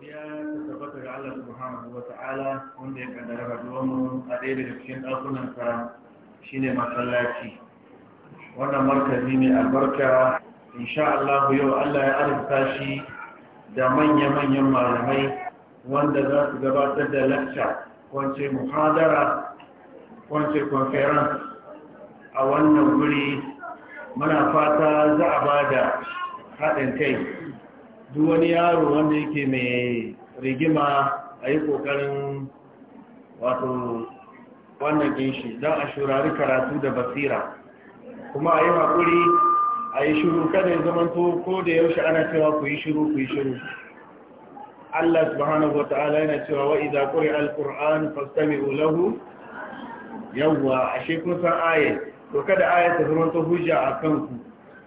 godiya ta tabbatar ga Allah subhanahu wa ta'ala wanda ya kaddara rabuwar mu a ɗaya daga cikin ɗakunan shine masallaci wannan markazi ne albarka insha Allah yau Allah ya arzuta shi da manya-manyan malamai wanda za su gabatar da lacca kwance muhadara kwance conference a wannan guri muna fata za a ba da haɗin kai duk wani yaro wanda yake mai rigima a yi ƙoƙarin wato wannan ginshi don a shurari karatu da basira kuma a yi haƙuri a yi shiru kada ya zamanto ko da yaushe ana cewa ku yi shiru ku yi shiru Allah subhanahu wa ta'ala yana cewa wa idza quri'a al-qur'an fastami'u lahu yawwa ashe kun san ayat to kada ayat ta zama to hujja akan ku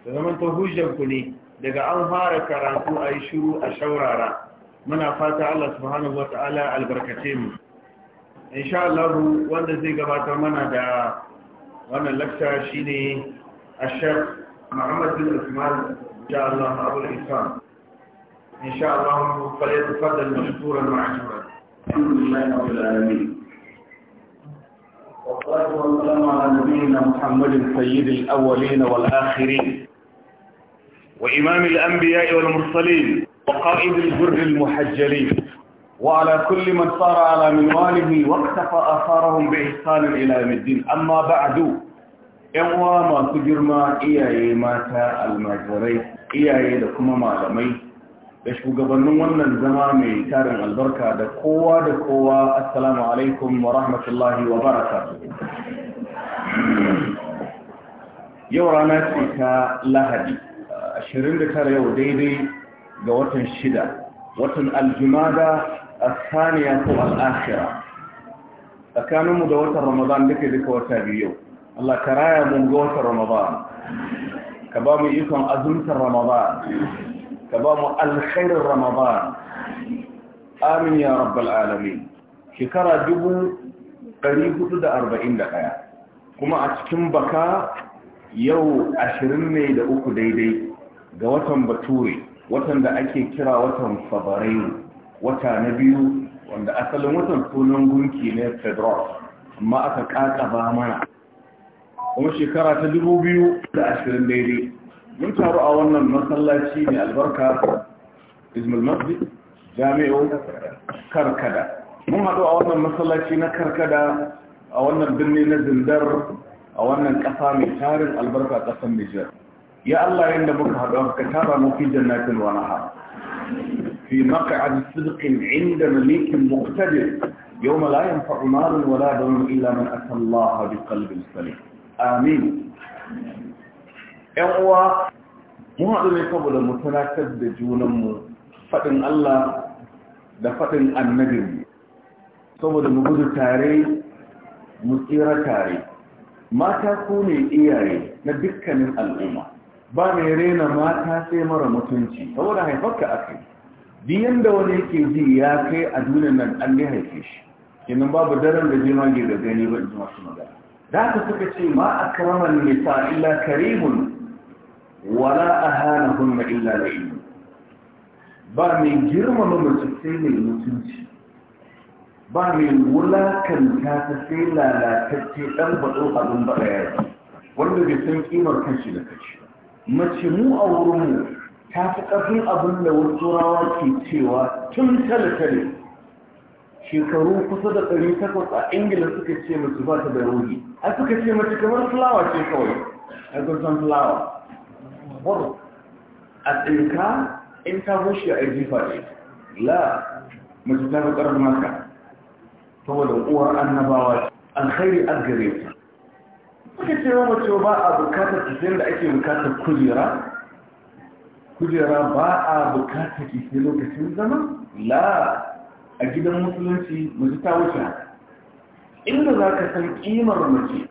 ta zama to hujjan ku ne daga an fara karatu a yi shuru a shaurara muna fata Allah subhanahu wa ta'ala albarkace mu insha Allah wanda zai gabatar mana da wannan lakta shine Ashar Muhammad bin Usman insha Allah Abu Ihsan insha Allah falyatafaddal mashkuran ma'shuran alhamdulillahi rabbil alamin والصلاة والسلام على نبينا محمد سيد الأولين والآخرين وإمام الأنبياء والمرسلين وقائد البر المحجلين وعلى كل من صار على منواله واقتفى آثارهم بإحسان إلى يوم الدين أما بعد يوا ما ما إياي ماتا المجري إياي لكم ما لمي بشكو قبل نوانا الزمامي تارم البركة دقوة دقوة السلام عليكم ورحمة الله وبركاته rahmatullahi wa baraka 29 yau daidai ga watan shida watan aljumada a saniya ko al'ashira tsakaninmu da watan ramadan duka duka wata biyu Allah ka raya mun ga watan ramadan ka ba mu ikon azumtar ramadan ka ba mu alkhairin ramadan amin ya rabbal shekara dubu hudu da arba'in kuma a cikin baka yau ashirin ne da uku daidai ga watan bature watan da ake kira watan fabrairu wata na biyu wanda asalin watan sunan gunki ne fedros amma aka kakaba mana kuma shekara ta dubu biyu da ashirin daidai mun taru a wannan masallaci ne albarka izmul masjid jami'o karkada mun haɗu a wannan masallaci na karkada a wannan birni na zindar a wannan ƙasa mai tarin albarka ƙasar nijar ya Allah yanda muka haɗu ka tara mu fi jannatin wa nahar fi maq'ad sidqin 'inda malikin muqtadir yawma la yanfa'u malun wa illa man ata Allah biqalbin salim amin yan uwa mu haɗu ne saboda mu tunatar da junanmu faɗin Allah da faɗin annabin saboda mu gudu tare mu tsira tare mata ku ne iyaye na dukkanin al'umma ba mai rena mata sai mara mutunci saboda haifarka akai biyan da wani yake ji ya kai a duniyar nan an ne haife shi kenan babu daren da jimage da gani ba in ji masu magana da haka suka ce ma akraman nisa illa karimun wala ahanahunna illa la'in ba mai girmama mace sai mai mutunci ba mai wulakanta ta sai lalatacce ɗan baɗo abin baɗa yaki wanda bai san ƙimar kanshi da kashi mace mu a wurinmu ta fi ƙarfin abin da wasu turawa ke cewa tun tale-tale shekaru kusa da ɗari takwas a ingila suka ce mace ba ta da a suka ce mace kamar fulawa ce kawai a gudun fulawa wadda a tsinka in ta bushe a jifa faɗi la mace ta fi ƙarfin maka saboda uwar annabawa alkhairi a gare ta suka ce wa mace ba a bukatar kisiyar da ake bukatar kujera kujera ba a bukatar kisiyar lokacin zama la a gidan musulunci mace ta wuce haka inda za ka san kimar mace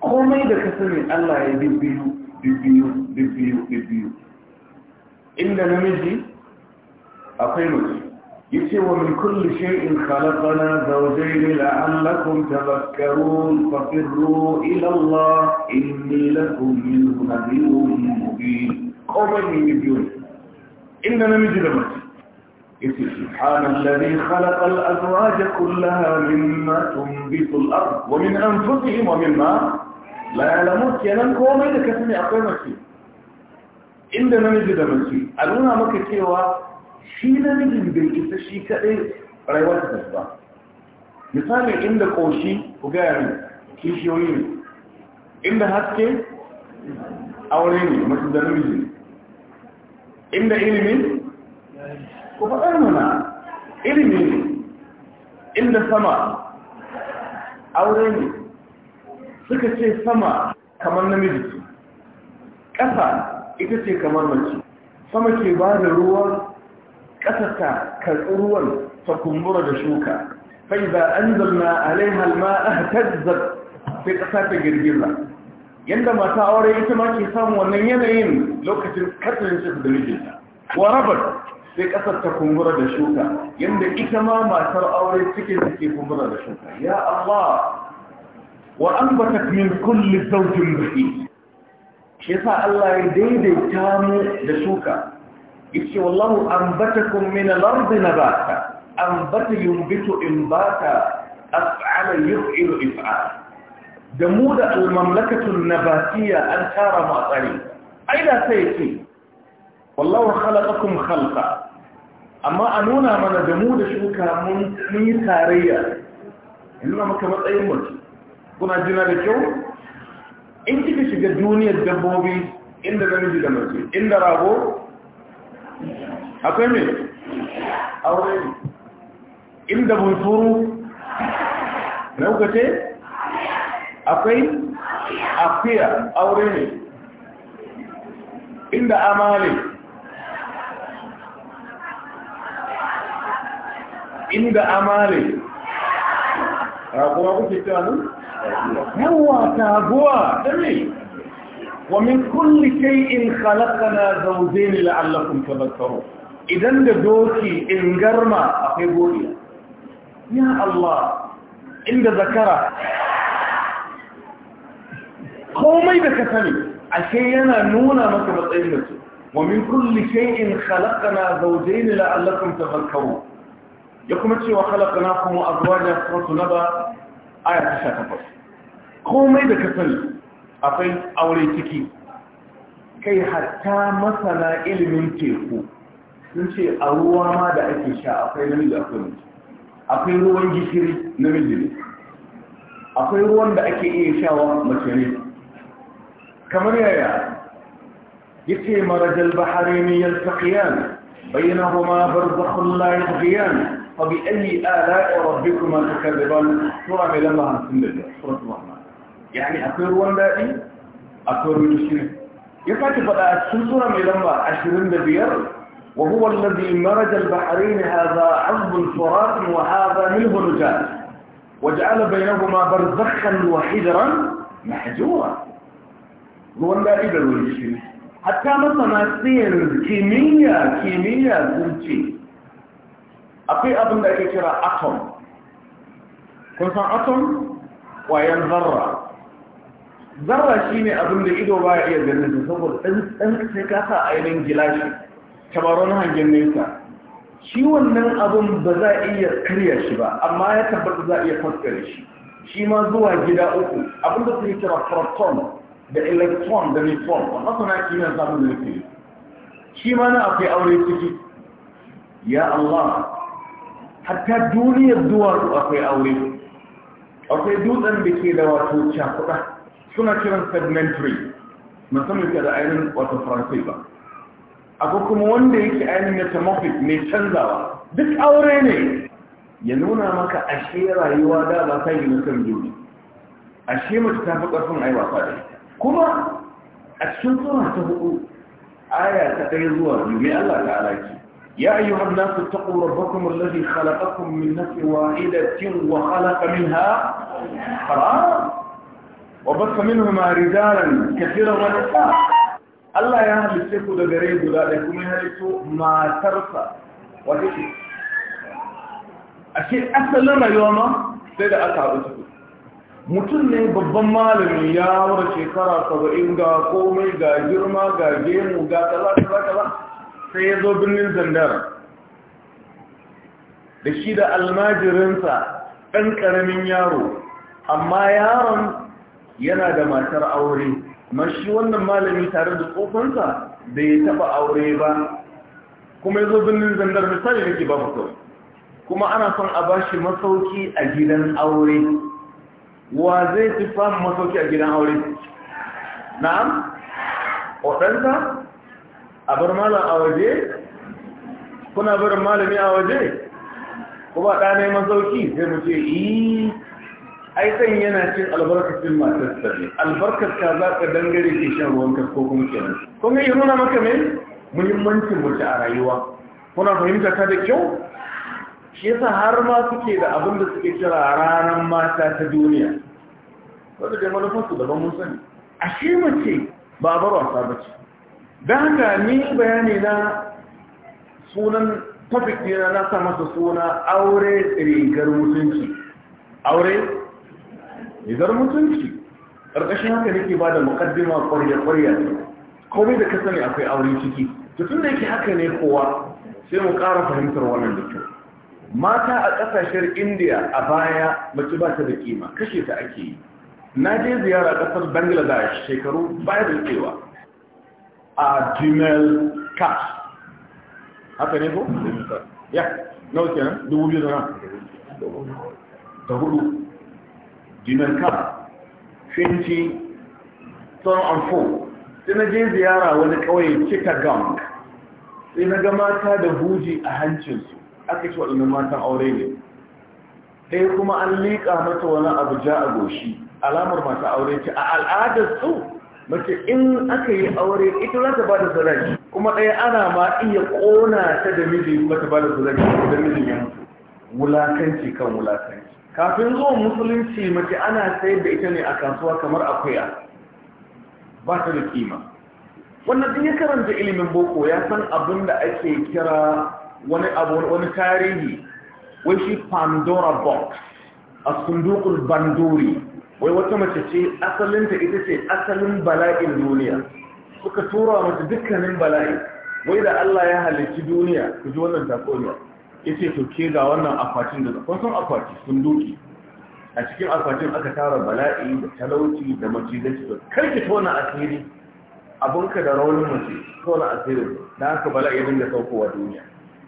komai da ka sani allah ya bibbiyu bibbiyu bibbiyu bibbiyu inda namiji akwai mace يتي ومن كل شيء خلقنا زوجين لعلكم تذكرون ففروا إلى الله إني لكم منه نذير مبين قوما من يبيون إننا نجد مسجد يتي سبحان الذي خلق الأزواج كلها مما تنبت الأرض ومن أنفسهم ومما لا يعلمون كيانا قوما إذا كثني أقوى إننا نجد مسجد ألونا مكتوى shi na namijin bai isa shi kaɗai rayuwar ta ba misali inda ƙoshi ku gaya ne kishiyoyi ne inda haske aure ne masu da namiji inda ilimi ku faɗar mana ilimi ne inda sama aure ne suka ce sama kamar namiji ƙasa ita ce kamar mace sama ke ba da ruwa ƙasarta karɓi ruwan ta kumbura da shuka fai ba an zalna alaihal ma a tazzar sai ƙasa ta girgiza yadda masu aure ita ma ke samu wannan yanayin lokacin katsarin shi da mijinta wa rabar sai ƙasar ta kumbura da shuka yadda ita ma matar aure cikin suke kumbura da shuka ya Allah wa an min kulli zawjin bahi shi yasa Allah ya daidaita mu da shuka yace wallahu anbatakum min al-ardi nabata anbata yunbitu inbata af'ala yuf'ilu if'al da mu da al-mamlakatun nabatiyya an tara mu a tsari aida sai yace wallahu khalaqakum khalqa amma a nuna mana da mu da shuka mun yi tarayya nuna maka matsayin mutum kuna jina da kyau in kika shiga duniyar dabbobi inda namiji da mace inda rago akwai mai aure inda bunsuru turu. kuka ce akwai afiya aure ne inda amale. inda amali a kuma kuke cewa nan yawa taguwa ta ne ومن كل شيء خلقنا زوجين لعلكم تذكرون idan da doki in garma akwai godiya ya Allah inda zakara komai da ka sani ashe yana nuna maka matsayin da su wa min kulli shay'in khalaqna zawjayn la'allakum tadhakkarun ya kuma ce wa khalaqnakum azwajan fatunaba aya ta 18 komai da ka sani akwai aure ciki kai hatta masana ilimin teku sun ce a ruwa ma da ake sha akwai namiji akwai mace akwai ruwan gishiri namiji ne akwai ruwan da ake iya shawa mace ne kamar yaya yace marajal baharini yaltaqiyan bainahuma barzakhun la yaghyan fa bi ayi ala'i rabbikuma tukadiban sura 155 sura 1 يعني أكبر وندائي أكبر المسلمين يفاتي بقى السلطرة ملمى عشرين دبير وهو الذي مرج البحرين هذا عظم فرات وهذا منه نجاز وجعل بينهما برزخا وحجرا محجورا وندائي بالمسلمين حتى مثلا سير كيمياء كيمياء زلتي أقي أظن ذلك كرا أطم كنت أطم وينذره zarra shi ne abin da ido ba ya iya ganin da saboda ɗan sai ka sa yanin gilashi tabaron hangen nesa shi wannan abin ba za a iya karya shi ba amma ya tabbata za a iya faskare shi shi ma zuwa gida uku abin da suke kira proton da electron da neutron a masana kimiyyar samun da nufi shi ma na akwai aure ciki ya Allah hatta duniyar duwatsu akwai aure akwai dutsen da ke da wato cakuɗa suna kiran segmentary musamman ke da ainihin wata faransai ba akwai kuma wanda yake ainihin metamorphic mai canzawa duk aure ne ya nuna maka ashe rayuwa da ba ta gina kan juri ashe mace ta fi ƙarfin ai wasa kuma a cikin sura ta hudu aya ta ɗaya zuwa biyu mai Allah ta alaki ya ayyuha an-nasu taqu rabbakum alladhi khalaqakum min nafsin wahidatin wa khalaqa minha khalaqa وبث منهما رجالا كثيرا ونساء الله يا اهل الشيخ ده غريب ده لكم هلتو ما ترسى وتكي أشيء أسأل رأيوما سيدة أتعب تكي mutum ne babban malami ya wura shekara saba'in ga komai ga girma ga gemu ga kaza sai ya zo birnin zandar da shi da almajirinsa ɗan ƙaramin yaro amma yaron yana da matar aure mashi shi wannan malami tare da tsofansa bai taba aure ba kuma yazo binnin zandar misali yake ba mutum. kuma ana son a bashi masauki a gidan aure wa zai fi famu masauki a gidan aure na'am waɗansa a bar malam a waje kuna bar malami a waje kuma ɗa ne masauki? sai mu ce yi ai ɗan yana cin albarkacin matarsa ne albarkar ta za ka dangare ke shan ruwan ka ko kuma kenan kun ga nuna maka mai muhimmancin mace a rayuwa kuna fahimta ta da kyau shi yasa har ma suke da abin da suke kira ranar mata ta duniya wanda da manufarsu daban mun sani a shi mace ba bar wasa ba ce don haka ni bayani na sunan topic ne na sa masa suna aure rigar mutunci aure nizar mutunci ƙarƙashin haka nake ba da makaddima ƙwarya-ƙwarya komai da ka sani akwai auren ciki to tun da yake haka ne kowa sai mu ƙara fahimtar wannan da kyau mata a ƙasashen indiya a baya mace ba ta da kima kashe ta ake yi na je ziyara ƙasar bangladesh shekaru baya da tsewa a jimel kash haka ne ko? ya nawa kenan dubu biyu da na da hudu liman ka finci son and na je ziyara wani kawai gang sai na ga mata da huji a hancinsu aka ci waɗannan matan aure ne ɗaya kuma an liƙa mata wani abu ja a goshi alamar masu aure ce a al'adarsu mace in aka yi aure ita za ta ba da zaraki kuma ɗaya ana ma iya ƙona ta da miji mata ba da zaraki da mijin yanzu wulakanci kan wulakanci kafin zuwa musulunci mace ana sayar da ita ne a kasuwa kamar akuya ba ta da kima wannan din ya karanta ilimin boko ya san abin da ake kira wani abu wani tarihi wai shi pandora box a sundukul banduri wai wata mace ce asalinta ita ce asalin bala'in duniya suka tura mata dukkanin bala'i wai da Allah ya halicci duniya ku ji wannan takoniyar yace to ke ga wannan akwatin da kun san akwati sun duki a cikin akwatin aka tara bala'i da talauci da macizanci da karki tona asiri ka da raunin mace tona asiri da haka bala'i dinga saukowa duniya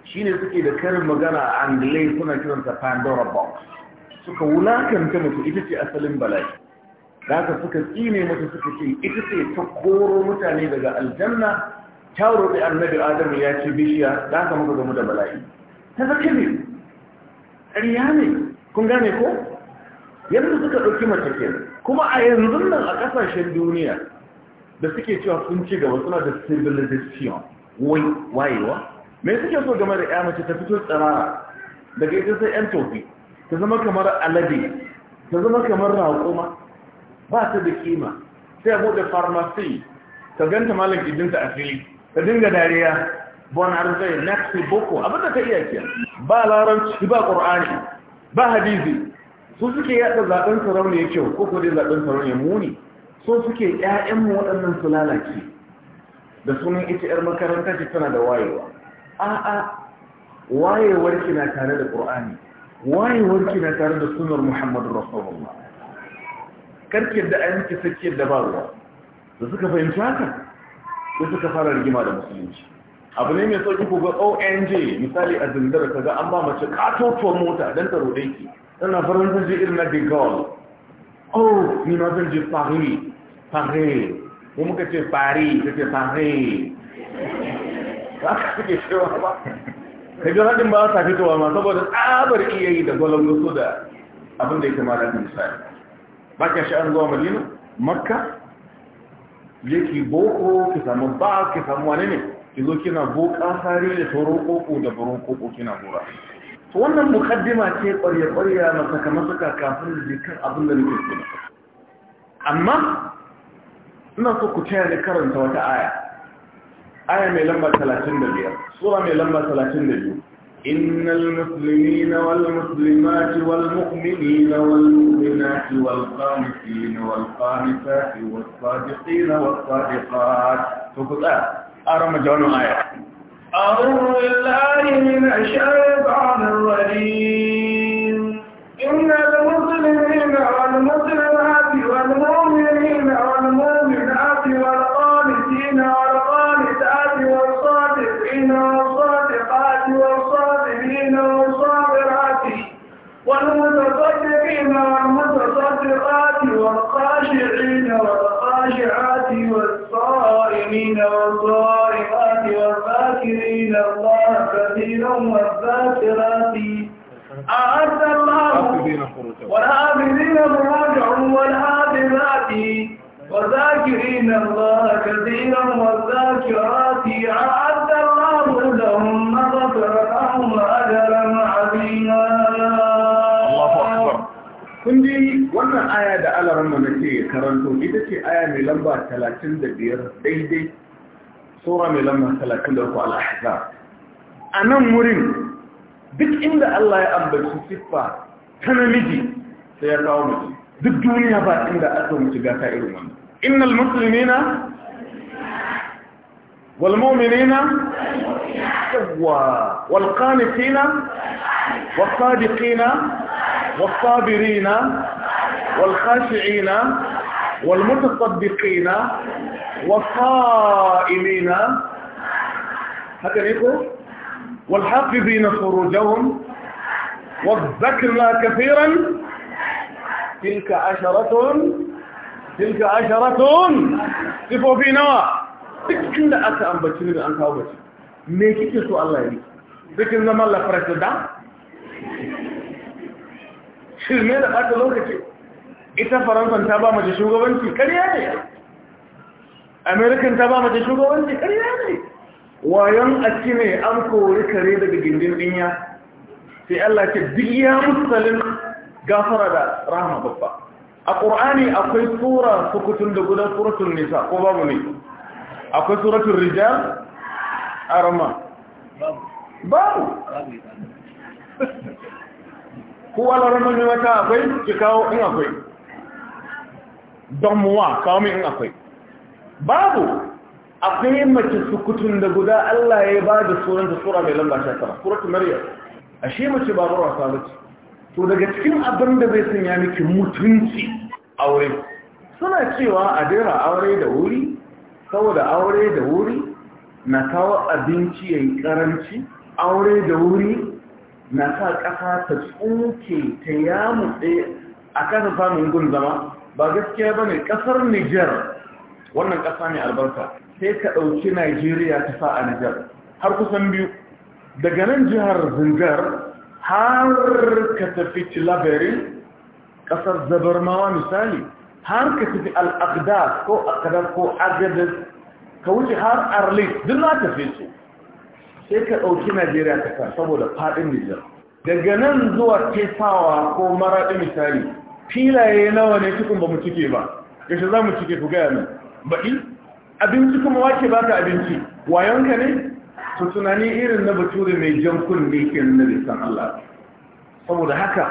shine suke da karin magana a anglai suna kiransa pandora box suka wulakanta mutu ita ce asalin bala'i da haka suka tsine mutu suka ce ita ce ta koro mutane daga aljanna ta roƙi annabi adamu ya ce bishiya da haka muka gamu da bala'i ta zaka ne ƙariya ne kun gane ko yadda suka ɗauki mace ke kuma a yanzu nan a ƙasashen duniya da suke cewa sun ci gaba suna da civilization wai wayewa me suke so game da ya mace ta fito tsirara daga ita sai yan tofi ta zama kamar alade ta zama kamar raƙuma ba ta da kima sai a bude farmasi ta ganta malam idinta a fili ta dinga dariya bon arzai nafi boko abinda ka iya ke ba laranci ba ƙor'ani ba hadisi su suke yada zaɓen sarauniya kyau ko kuma dai zaɓen sarauniya muni so suke ƴaƴanmu waɗannan su lalace da sunan ita ƴar makaranta ce tana da wayewa a'a wayewar ki na tare da ƙur'ani wayewar ki na tare da sunar muhammadu rasulullah karkiyar da ayyuki sakiyar da ba ruwa da suka fahimci haka da suka fara rigima da musulunci abu ne mai sauki ku ga ONG misali a zindar ka ga an ba mace katotuwar mota don taro roɗe ki tana farin sun je irin na de Gaulle oh ni ma zan je Paris Paris ko muka ce Paris ka ce Paris ba ka suke cewa ba ka ji haɗin ba sa fitowa ma saboda tsabar iya yi da gwalon su da abin da ya kama da misali ba ka sha'an zuwa Madina Makka yake boko ki samu ba ki samu wani ne ki zo kina boka sare da sauran koko da baron koko kina hura to wannan mukaddima ce ƙwarya-ƙwarya na saka-masaka kafin da jikin abin da nake suna amma ina so ku taya ne karanta wata aya aya mai lamba 35 sura mai lamba 32 إن المسلمين والمسلمات والمؤمنين والمؤمنات والقامسين والقامسات والصادقين والصادقات فقط أرم جون آية أعوذ بالله من الشيطان الرجيم إن المسلمين والمسلمات والذين مراجعوا والآبرات وذاكرين الله كثيرا والذاكرات أعد الله لهم مغفرة وأجرا عظيما الله أكبر kun ji wannan aya da alaran mu nake karanto ita ce aya mai lamba 35 daidai sura mai lamba 33 al-ahzab a nan wurin duk inda Allah ya ambaci siffa ta namiji sai ya kawo mace duk duniya ba inda aka wuce gata irin wannan innal muslimina wal mu'minina yawwa wal qanitina was sadiqina was sabirina wal khashi'ina wal mutasaddiqina was sa'imina haka ne ko wal hafizina furujahum والذكر كثيرا تلك عشرة تلك عشرة تفو في نوا تكن دا أكا أم بچنين أنكا أو بچنين ميكي كسو الله يلي يعني؟ تكن زمان الله فرس دا شرمين أكا لوكا تي إتا فرنسا انتابا ما جشوغا بنتي كريا دي أمريكا انتابا ما جشوغا بنتي كريا دي ويان أكيني أمكو لكريدة بجندين إنيا في الله تبقى مسلم gafara da rahama babba a ƙur'ani akwai sura sukutun da gudan suratun nisa ko babu ne akwai suratun rijal a rama babu kuwa laramin ne wata akwai ki kawo in akwai don muwa kawo min in akwai babu akwai mace sukutun da guda Allah ya ba da suranta sura mai lamba 19 suratul maryam ashe mace babu wasa bace to daga cikin abin da bai sanya miki mutunci aure suna cewa a dera aure da wuri saboda aure da wuri na kawo abinci yayi karanci aure da wuri na sa ƙasa ta tsuke ta mutse a kasa samun gun zama ba gaskiya ba ne ƙasar niger wannan ƙasa ne albarka sai ka ɗauki nigeria ta sa a niger har kusan biyu daga nan jihar zingar har ka tafi tilaberin ƙasar zabarmawa misali har ka tafi al’adda ko akadar ko agadar ka wuce har arlis duk na tafi su sai ka ɗauki najeriya ta kan saboda faɗin nijar daga nan zuwa tefawa ko maraɗi misali filaye nawa ne cikin ba mu cike ba yaushe za mu cike ku gaya min baɗi abinci kuma wake ba ka abinci wayonka ne su tunani irin na bature mai jan kunni ke na bisan Allah saboda haka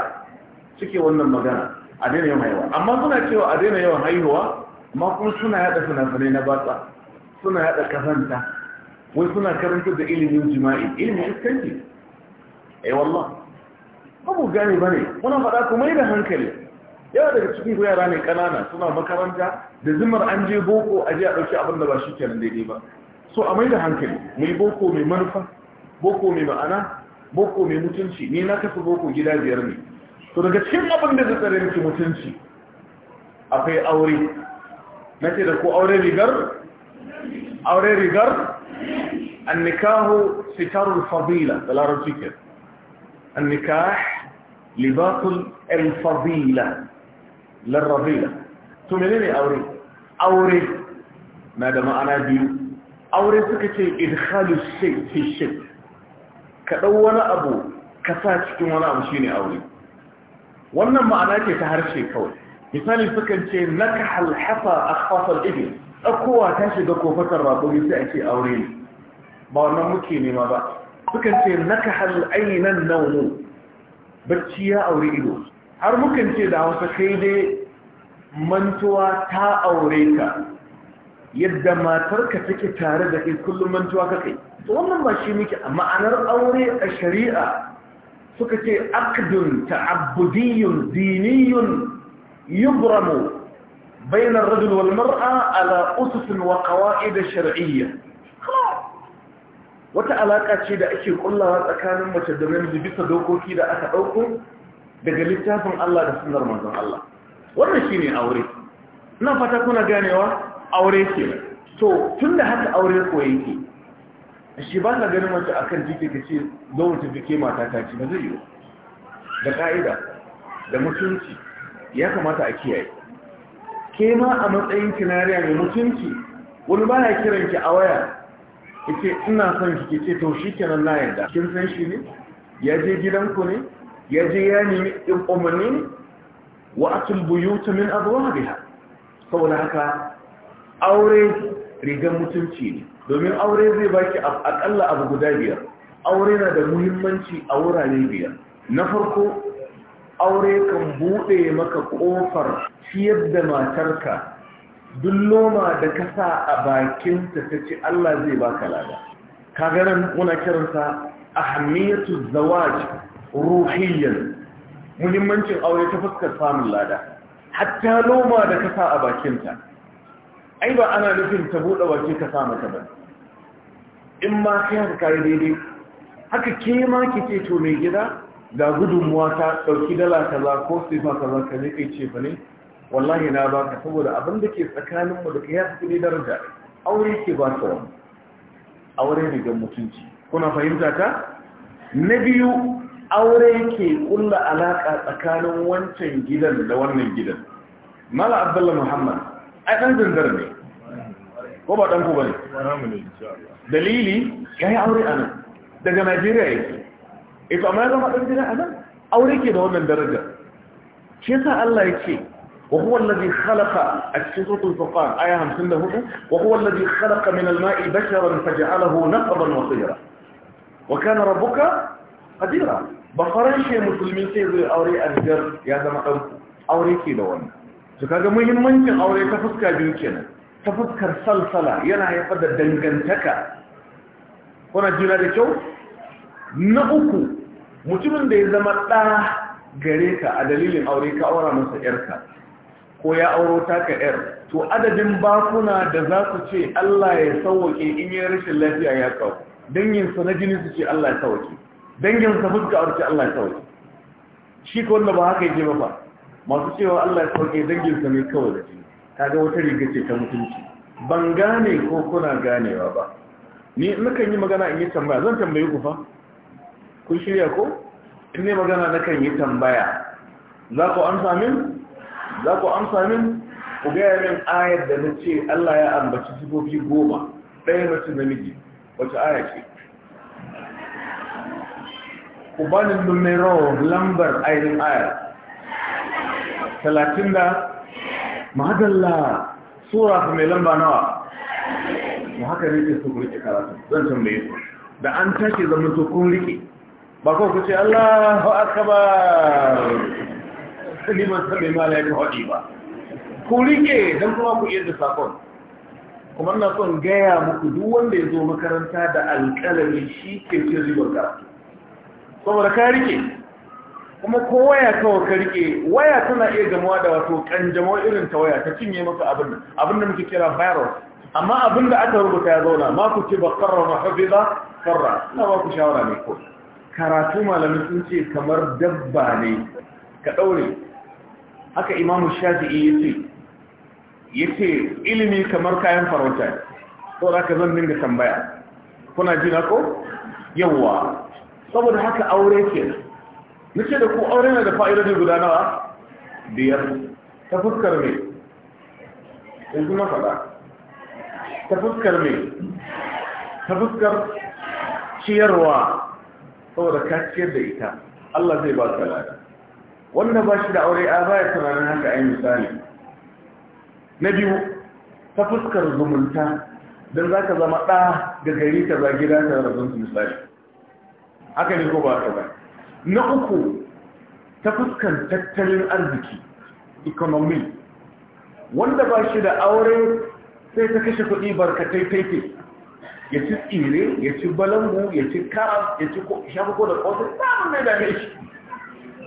suke wannan magana a daina yawan haihuwa amma suna cewa a daina yawan haihuwa makon kuma suna yada finafinai na batsa suna yada kazanta wai suna karanta da ilimin jima'i ilimin iskanci ai eh, wallah mu gane ba ne muna faɗa kuma yi da hankali yawa daga cikin ku yara ne ƙanana suna makaranta da zimar an je boko a je a ɗauki abin da ba shi kenan daidai ba so a mai da hankali mai boko mai manufa boko mai ma'ana boko mai mutunci ne na kasa boko gida biyar ne to daga cikin abin da zai miki mutunci akwai aure na ce da ku aure rigar aure rigar an nikahu sitarul fadila da larabci Cikin, an nikah libatul al-fadila larrabila to ne aure aure na da ma'ana biyu aure suka ce idhalu shay fi shay ka dau wani abu ka sa cikin wani abu shine aure wannan ma'ana ce ta harshe kawai misali suka ce nakahal hafa akhfaf al-ibil akowa ta shiga kofatar raƙuri sai a ce aure ne ba wannan muke nema ba sukan ce nakahal aynan nawmu bacci ya aure ido har mukan ce da hausa kai dai mantuwa ta aure ka yadda matarka take tare da kai kullum mantuwa ka kai wannan ba shi muke ma'anar aure a shari'a suka ce akdun ta'abbudiyun diniyun yubramu بين الرجل والمرأة على أسس وقواعد wata alaka ce da ake kullawa tsakanin mace da namiji bisa dokoki da aka dauko daga littafin Allah da sunnar manzon Allah wannan shine aure ina fata kuna ganewa aure ke to tun da haka aure ko yake shi ba ka ganin mace kan jike ka ce zo mu tafi ke mata ta ci ba zai yi da ka'ida da mutunci ya kamata a kiyaye ke ma a matsayin kinariya mai mutunci wani ba ya kiran ki a waya ce ina son ke ce to shi kenan na yadda. kin san shi ne ya je gidanku ne ya je ya nemi umarni ne wa atul ta min biya saboda haka aure rigar mutunci ne domin aure zai baki akalla abu guda biyar aure na da muhimmanci a wurare biyar na farko aure kan buɗe maka ƙofar ciyar da matarka duk loma da kasa a bakinta ta ce Allah zai baka lada kaga ganin muna kiransa a hamiyatu zawaj ruhiyyan muhimmancin aure ta fuskar samun lada hatta loma da kasa a bakinta ai ba ana nufin ta buɗe wace ka sa mata ba in ma kai haka kai daidai haka ke ma kike to mai gida da gudunmuwa ta ɗauki dala kaza ko sifa kaza ka ne kai ce ba ne wallahi na ba ka saboda abin da ke tsakaninmu da kai haka ne daraja aure ke ba ta wani aure ne ga mutunci kuna fahimta ta na biyu aure ke kulla alaƙa tsakanin wancan gidan da wannan gidan mala Abdullahi muhammad a ɗan ne ko ba ɗan kuba ne dalili ya yi aure a nan daga najeriya ya ce ita eh, amma ya ɗan jira a nan aure ke da wannan daraja shi sa allah ya ce wa kuwa lalazi halaka a cikin sotun sofan aya hamsin da hudu wa kuwa lalazi halaka min alma'i basharar faji alahu na tsaban wasu yara wa kana rabuka a jira ba faranshe musulmi sai zai aure a jirar ya zama ɗan aure da wannan su kaga aure ta fuska biyu ta fuskar salsala yana haifar da dangantaka kuna jira da kyau na uku mutumin da ya zama ɗa gare ka a dalilin aure ka aura masa ƴarka, ko ya auro taka yar to adadin bakuna da za su ce Allah ya sauwake in yi rashin lafiya ya kawo danginsa na jini su ce Allah ya sauwake danginsa fuska a ce Allah ya sauwake shi ka wanda ba haka yake ba masu cewa Allah ya sauke danginsa ne kawai da jini kaga wata riga ce ta mutunci ban gane ko kuna ganewa ba ni nakan yi magana in yi tambaya zan tambayi ku fa kun shirya ko in ne magana nakan yi tambaya za ku amsa min za ku amsa min ku gaya min ayar da na ce Allah ya ambaci sifofi goma ɗaya mace namiji wace aya ce ku ba ni numero lambar ainihin ayar talatin da madalla sura ta mai lamba nawa Ba haka ne ke so rike karatu zan tambaye ku da an take zaman to kun rike ba kawai ku ce Allahu akbar liman ya malaika hadi ba ku rike dan kuma ku iya da sakon kuma na son gaya muku duk wanda ya zo makaranta da alƙalami shi ke ce ribar karatu saboda ka rike kuma ko waya kawai ka rike waya tana iya gamuwa da wato kanjamau irin ta waya ta cinye maka abin abin da muke kira virus amma abin da aka rubuta ya zauna ma ku ce ba karra ma hafiza karra na ba ku shawara ne ko karatu malamin sun ce kamar dabba ne ka daure haka imamu shafi'i yace yace ilimi kamar kayan farauta ne. to da ka zan dinga tambaya kuna ji na ko yawa saboda haka aure kenan nake da ku aure na da fa'idodin guda nawa biyar ta fuskar me in kuma faɗa ta fuskar me ta fuskar ciyarwa saboda ka ciyar da ita Allah zai ba su lada wanda ba shi da aure a baya tunanin haka ai misali na biyu ta fuskar zumunta don za ka zama ɗa ga gari ta za gida ta razon su misali haka ne ko ba ka ba na uku ta fuskan tattalin arziki economy wanda ba shi da aure sai ta kashe kuɗi barkatai taife ya ci tsire ya ci balambu ya ci karas ya ci shafako da ƙwato samun mai dame shi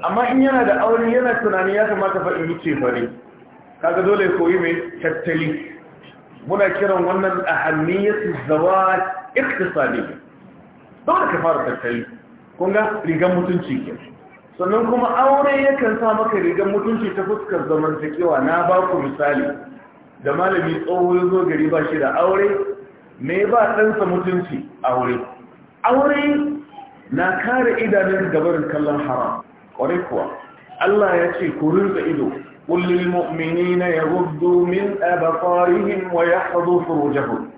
amma in yana da aure yana tunani ya kamata faɗin wuce fari kaga dole koyi mai tattali muna kiran wannan ahanniyatu zawat iqtisadi dole ka fara tattali Kunga rigar mutunci ke sannan kuma aure yakan sa maka rigar mutunci ta fuskar zamantakewa na ba ku misali da malami tsoho ya zo gari ba shi da aure me ba ɗansa mutunci aure aure na kare idanun gabarin kallon haram ƙwarai kuwa Allah ya ce ku rinsa ido قل للمؤمنين يغضوا من أبصارهم ويحفظوا فروجهم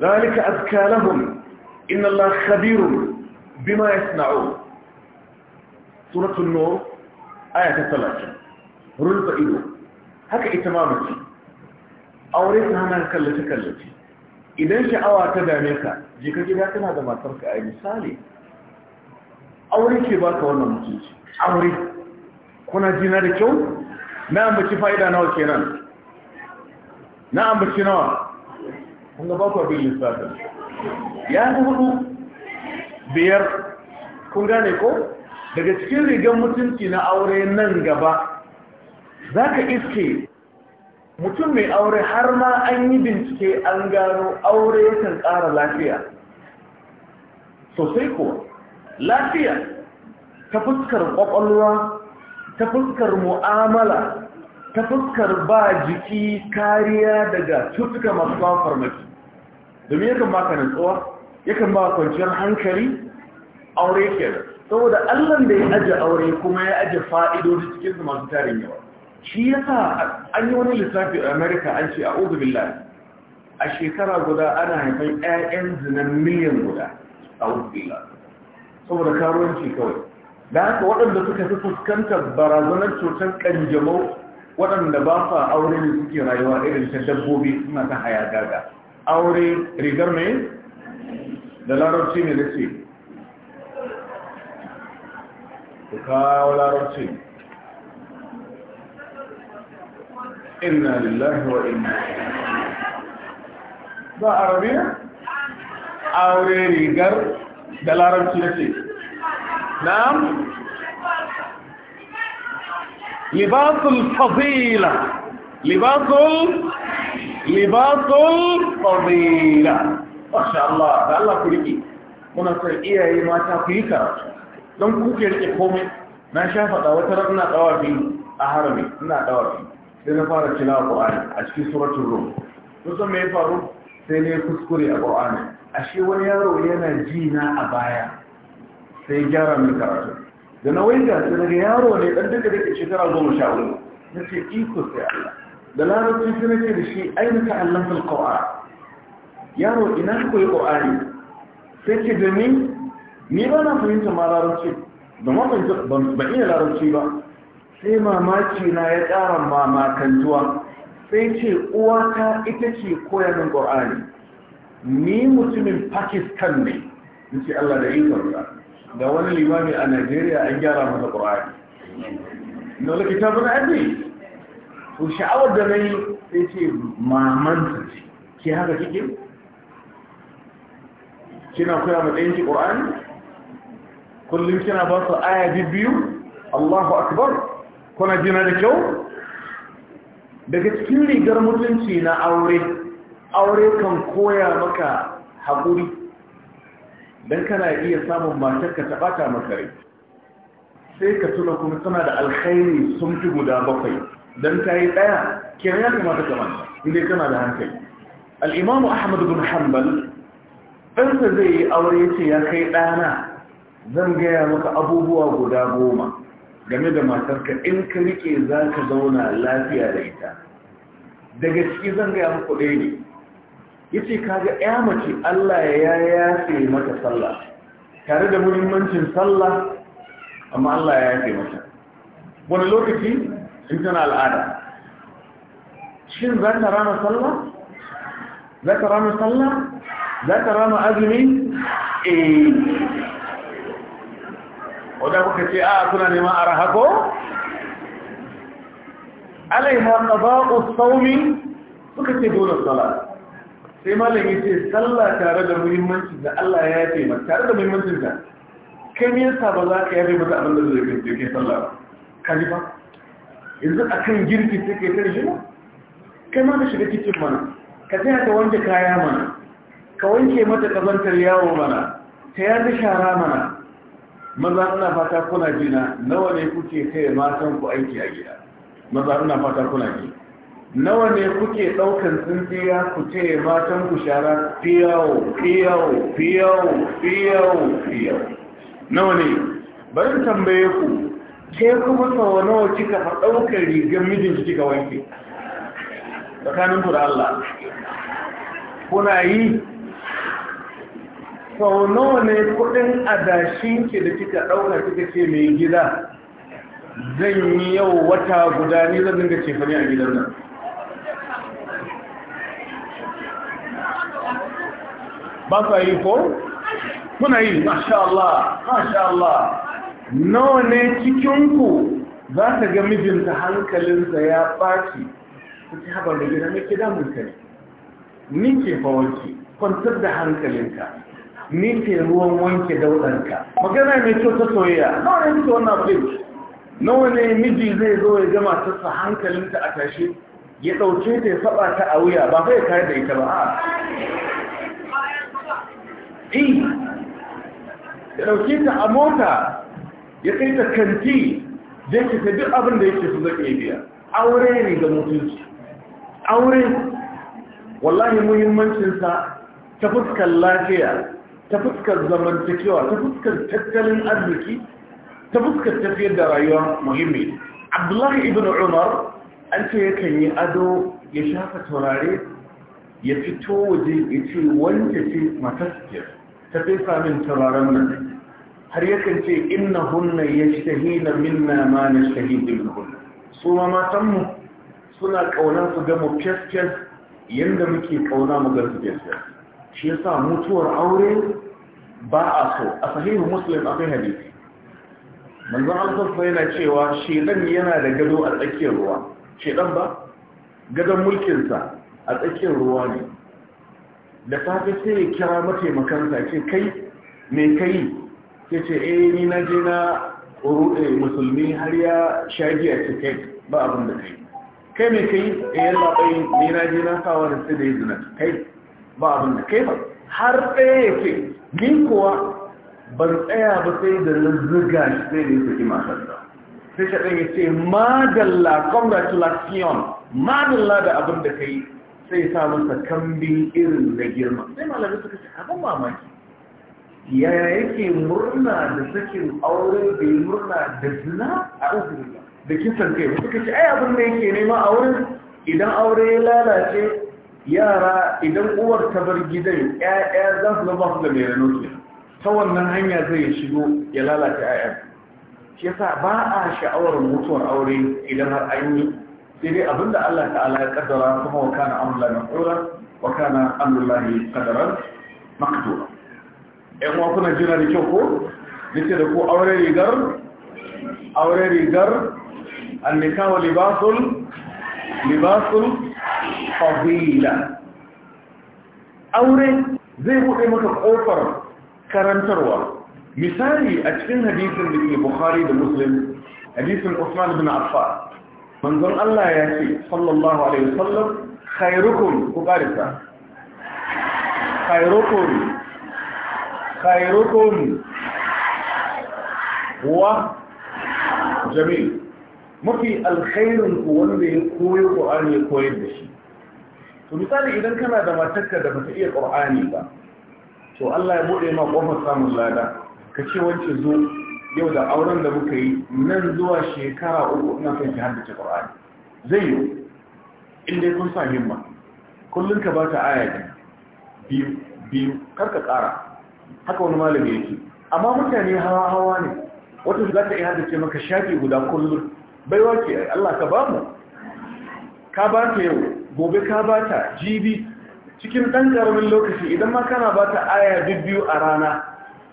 ذلك أذكى لهم إن الله خبير bima yasna'u suratul nur aya ta 30 rulfa ido haka ita ma mace aure ta hana kallace kallace idan sha'awa ta dame ka je ka gida kana da matarka a misali aure ke baka wannan mutunci aure kuna jina da kyau na fa'ida nawa kenan na nawa kun ba ku abin lissafin ya ga hudu biyar kun gane ko daga cikin rigar mutunci na aure nan gaba za ka iske mutum mai aure har ma an yi bincike an gano aure yakan ƙara lafiya sosai ko lafiya ta fuskar ƙwaƙwalwa ta fuskar mu'amala ta fuskar ba jiki kariya daga cutuka masu farmaki domin yakan maka nutsuwa yakan ba kwanciyar hankali aure ke da saboda Allah da ya ajiye aure kuma ya aje fa'idodi cikin su masu tarin yawa shi yasa an yi wani lissafi a Amerika an ce a'udhu billahi a shekara guda ana haifan 'ya'yan zinan miliyan guda a'udhu billahi saboda karuwanci kawai da haka waɗanda suka fi fuskantar barazanar cutar kanjamau waɗanda ba sa aure ne suke rayuwa irin ta dabbobi suna ta gaga aure rigar mai da larabci ne da ce ku kawo larabci inna lillahi wa inna ba arabiya aure rigar da larabci na ce لباس الفضيلة لباس libasul لباس الفضيلة masha Allah da Allah ku riƙe muna son iyaye mata ku yi karatu don ku ke riƙe komai na sha faɗa wata ran ina ɗawafi a harami ina ɗawafi sai na fara cina a Qur'ani a cikin suratul Rum san me ya faru sai yi kuskure a a ashe wani yaro yana ji na a baya sai gyara min karatu da na waiga sai daga yaro ne ɗan duka da shekara goma sha uku na ce iko sai Allah da larabci sai nake da shi ainihin allon alƙawa yaro ina koyi ƙwa'ani sai ce domin ni ba na fahimta ma larabci da mafahimta ba iya larabci ba sai mamaki na ya ƙara mamakantuwa sai ce uwata ita ce koyanin ƙorani ni mutumin pakistan ne in ce allah da ikonsa da wani limami a nigeria an gyara masa ƙorani na likita bin aji to sha'awar da na yi sai ce mamanta ke haka kike kina koya matsayin ɗanki ki qur'ani kullum kina ba su aya biyu Allahu akbar kuna jina da kyau daga cikin rigar mutunci na aure aure kan koya maka haƙuri don kana iya samun matarka ta ɓata maka rai sai ka tuna kuma tana da alkhairi sun fi guda bakwai don ta yi ɗaya kiran ya kamata kamar inda kana da hankali al'imamu ahmad bin hanbal ɗansa zai yi aure ce ya kai ɗana zan gaya maka abubuwa guda goma game da matarka in ka rike za ka zauna lafiya da ita daga ciki zan gaya maka ɗaya ne ya ce kaga ya mace allah ya yafe mata sallah tare da muhimmancin sallah amma allah ya yafe mata wani lokaci in tana al'ada shin za ta rana sallah za ta rana sallah za ta rama azumi eh wadda kuka ce a kuna neman araha ko ba ku sawmi suka ce dole sala sai malami ce sallah tare da muhimmanci da Allah ya yafe mata tare da muhimmancin ta kai me yasa ba za ka yafe mata abin da zai kai kai sallah ka ji ba yanzu akan girki sai kai tare shi ba kai ma ka shiga cikin mana ka sai ka wanke kaya mana ka wanke mata kazantar yawo mana ta yadda shara mana maza ina fata kuna jina nawa ne kuke kai matan ku aiki a gida maza ina fata kuna ji nawa ne kuke daukan tsintiya ku ce matan ku shara fiyawo fiyawo fiyawo fiyawo fiyawo nawa ne bari tambaye ku ke kuma sawa nawa kika fa daukar rigar mijinki kika wanke tsakanin ku da Allah kuna yi sau nawa ne kudin adashin ke da kika ɗauka kika ce mai gida zan yi yau wata guda ni zan dinga ce fari a gidan nan ba ka yi ko? kuna yi masha Allah masha Allah nawa ne cikinku za ta ga mijinta hankalinsa ya ɓaci ta haɓar da gina mai ke mutane ne ni ke fawanci kwantar da hankalinka ni ruwan wanke daudanka magana mai kyau ta soyayya nawa ne muke wannan abin nawa ne miji zai zo ya gama ta hankalin hankalinta a tashi ya ɗauke ta ya saba ta a wuya ba zai kayar da ita ba a ya ɗauke ta a mota ya kai ta kanti zai ki ta duk abin da yake su zaka biya aure ne ga mutunci aure wallahi muhimmancinsa ta fuskar lafiya ta fuskar zamantakewa ta fuskar tattalin arziki ta fuskar tafiyar da rayuwa muhimmi abdullahi ibn umar an ce yakan yi ado ya shafa turare ya fito waje ya ce wanda ce mataskiyar ta fi samun turaren nan har yakan ce inna hunna ya na minna ma na shahidin hunna su ma matanmu suna ƙauna su ga mu yadda muke ƙauna mu ga su fes shi yasa mutuwar aure ba a so a sahihu muslim akwai hadisi manzon alfasa yana cewa shedan yana da gado a tsakiyar ruwa shedan ba gadon mulkinsa a tsakiyar ruwa ne da safe sai ya kira mataimakansa ce kai mai kai ya ce eh ni na je na rude musulmi har ya shagiya ce kai ba abin da kai kai mai kai eh yalla bai ni na je na kawo da sai da yi zina kai ba abin da kai ba har ɗaya ya ce ni kuwa ban tsaya ba sai da na zirga shi sai da ya saki matarsa sai shaɗin ya ce la congratulation ma da abin da ka yi sai sa masa kambin irin da girma sai malami suka ce abin mamaki yaya yake murna da sakin aure da yi murna da zina a da kisan kai suka ce ai abin da yake nema a wurin idan aure ya lalace yara idan uwar ta bar gidan ƴaƴa za su zama su da mai rano ke ta wannan hanya zai shigo ya lalata ƴaƴan shi yasa ba a sha'awar mutuwar aure idan har an yi sai dai abinda Allah ta'ala ya kaddara kuma wa kana na maqdura wa kana amrullah qadaran maqdura ƴan uwa kuna jira da kyau ko nace da ku aure rigar aure rigar annika wa libasul libasul fadila aure zai bude maka kofar karantarwa misali a cikin hadisin da ke bukhari da muslim hadisin usman bin affan manzon Allah ya ce sallallahu alaihi wasallam khairukum ku karisa khairukum khairukum wa jamil mafi alkhairun ku wanda ya koyi an ya koyar da shi to misali idan kana da matarka da bata iya qur'ani ba to Allah ya bude ma kofar samun lada ka ce wance zo yau da auren da muka yi nan zuwa shekara uku ina son ki haddace qur'ani zai yi in dai kun sa himma kullun ka bata aya biyu biyu kar ka kara haka wani malami yake amma mutane hawa hawa ne wata za ta iya haddace maka shafi guda kullum baiwa ke Allah ka ba mu ka ba ta yau gobe ka ba ta, jibi cikin ɗan ƙaramin lokaci idan ma kana ba ta aya biyu a rana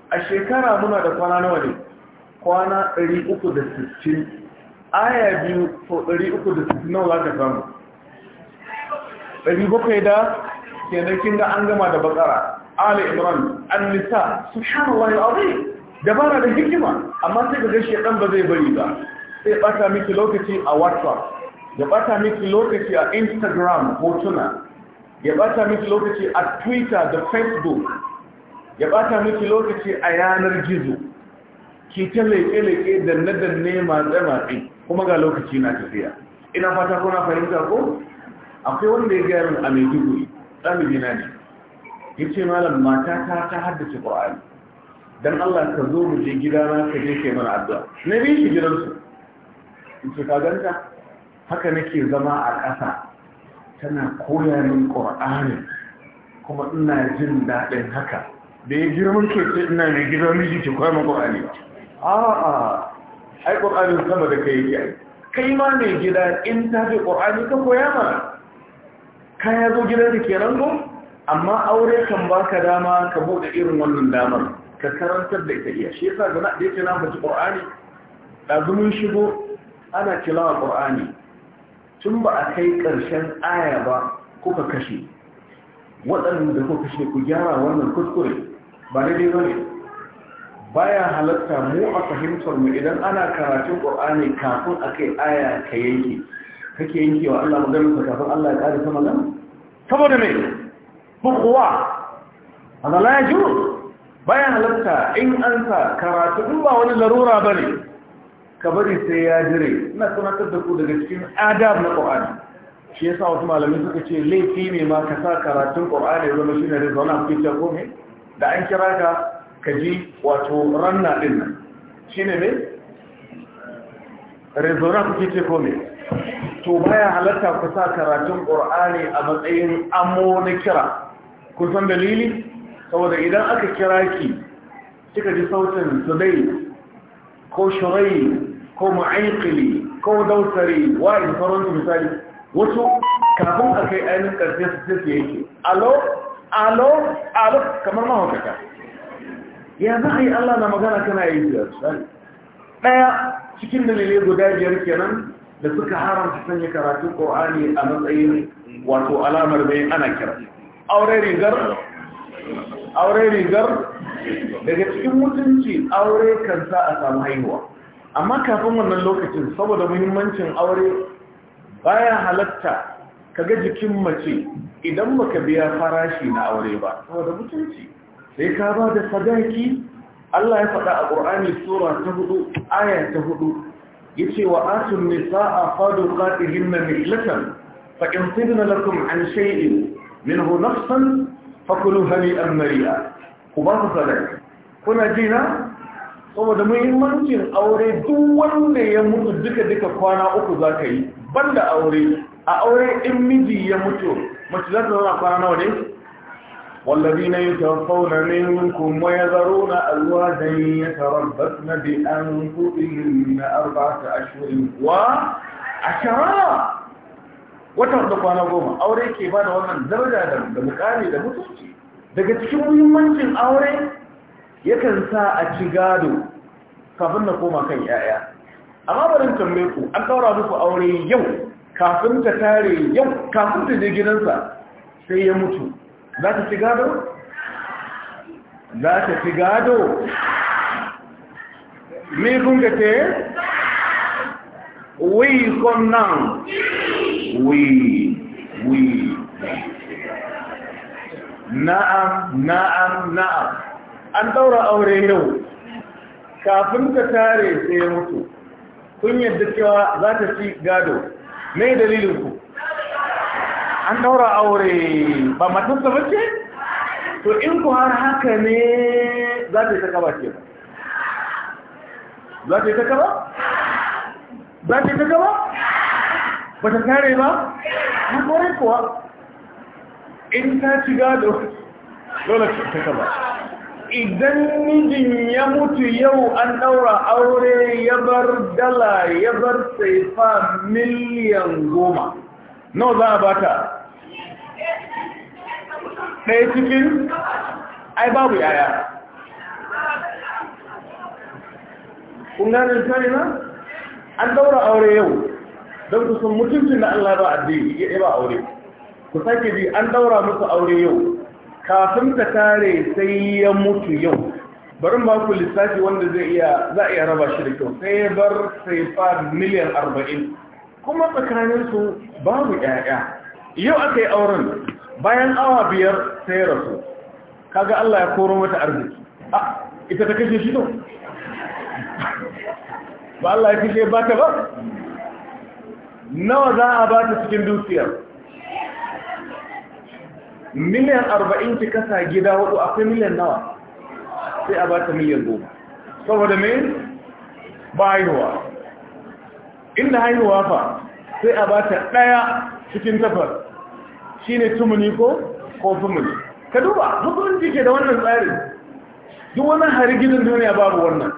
a shekara muna da kwana nawa ne kwana 360 aya biyu ko 360 nawa za ka samu 700 da kenakin ga an gama da bakara ali imran annisa subhanallah alazim dabara da hikima amma sai ka ga ɗan ba zai bari ba sai bata miki lokaci a whatsapp ya bata miki lokaci a instagram hotuna ya bata miki lokaci a twitter da facebook ya bata miki lokaci a yanar gizo ki ta leke-leke da danne matse-matse kuma ga lokaci na tafiya ina fata kuna fahimta ko akwai wanda ya gaya min a maiduguri ɗalibi na ne ya ce malam mata ta ta haddace ƙwa'ari don allah ka zo mu je gidana ka je ke mana addu'a na bi shi gidansu in ce ka ganta haka nake zama a ƙasa tana koya min ƙur'ani kuma ina jin daɗin haka da ya girman kyauce ina mai gida miji ke koya min ƙur'ani a'a ai ƙur'anin sama da kai yi kai ma mai gida in ta fi ƙur'ani ka koya ma ka ya zo gidan da kenan ko amma aure kan baka dama ka bude irin wannan damar ka karantar da ita iya shi yasa ga na ɗaya ce na faci ƙur'ani ɗazumin shigo ana cilawa ƙur'ani tun ba a kai ƙarshen aya ba kuka kashe waɗanda kuka kashe ku gyara wannan kuskure ba zane ba ne baya halatta mu a fahimtar mu idan ana karatun ƙur'ani kafin a kai aya ka yanke kake yanki wa Allah maganin ka kafin Allah ya ƙari sama nan? saboda me bukuwa a ba ya baya halatta in an sa karatun ba wani larura ba ne ka sai ya jire ina sanatar da ku daga cikin adab na ƙwa'ani shi ya sa wasu malamai suka ce laifi ne ma ka sa karatun ƙwa'ani zama shi ne da a da an kira ka ka ji wato ranna ɗin nan shi ne ne rezona ku ce ko to baya halarta ku sa karatun ƙur'ani a matsayin amo na kira kun san dalili saboda idan aka kira ki kika ji sautin zubai ko shurai ko ma'aikili ko dautari wa in sauran misali wasu kafin a kai ainihin karfe su ce yake alo alo alo kamar mahaukata ya za a yi allah na magana kana yi biyar sani ɗaya cikin dalilai guda biyar kenan da suka haramta sanya karatun ƙorani a matsayin wato alamar mai ana kira aure rigar aure rigar daga cikin mutunci aure kan sa a samu haihuwa amma kafin wannan lokacin saboda muhimmancin aure baya halatta kaga jikin mace idan baka biya farashi na aure ba saboda mutunci sai ka ba da sadaki Allah ya faɗa a Qur'ani sura ta 4 aya ta 4 yace wa atun nisaa faduqatihinna mihlatan fa in tibna lakum an shay'in minhu nafsan fakuluha li amriya ku sadaki kuna jina saboda muhimmancin aure duk wanda ya mutu duka duka kwana uku za ka yi banda aure a aure in miji ya mutu mace za ta zama kwana nawa ne wallabi na yi ويذرون أزواجا يتربصن kuma ya zaro na alwa da kwana goma aure ke ba da wannan zarga da mukami da mutunci daga cikin muhimmancin aure yakan sa a ci gado kafin na koma kan yaya amma barin tambe ku an daura muku aure yau kafin ta tare yau kafin ta je gidansa sai ya mutu za ta ci gado za ta ci gado me kun ga te we kon nan we we na'am na'am na'am an daura aure yau kafin ka tare sai ya mutu kun yadda cewa za ta ci gado mai dalilinku? an daura aure ba matarsa ba to in ku har haka ne za ta yi ta kaba ce ba za ta yi ta kaba za ta yi ta kaba ba ta tare ba na kore kuwa in ta ci gado dole ta kaba idan mijin ya mutu yau an ɗaura aure ya bar dala ya bar saifa miliyan goma nau za a bata ɗaya cikin ai babu yaya kun gane sani na an ɗaura aure yau don ku mutuncin da Allah ba addini ya ba aure ku sake bi an ɗaura musu aure yau kafin ta tare sai ya mutu yau barin ba ku lissafi wanda zai iya za a iya raba shi da kyau sai ya bar fa miliyan arba'in kuma tsakaninsu babu 'ya'ya yau aka yi auren bayan awa biyar sai ya rasu kaga Allah ya koro mata arziki a ah, ita ta kashe shi to ba Allah ya kashe ba ta ba nawa za a ba ta cikin dukiyar miliyan arba'in ki kasa gida hudu akwai miliyan nawa sai a ba ta miliyan goma saboda mai ba haihuwa inda haihuwa fa sai a ba ta ɗaya cikin tafar shi ne tumuni ko ko tumuni ka duba musulunci ke da wannan tsarin duk wani harigidin duniya babu wannan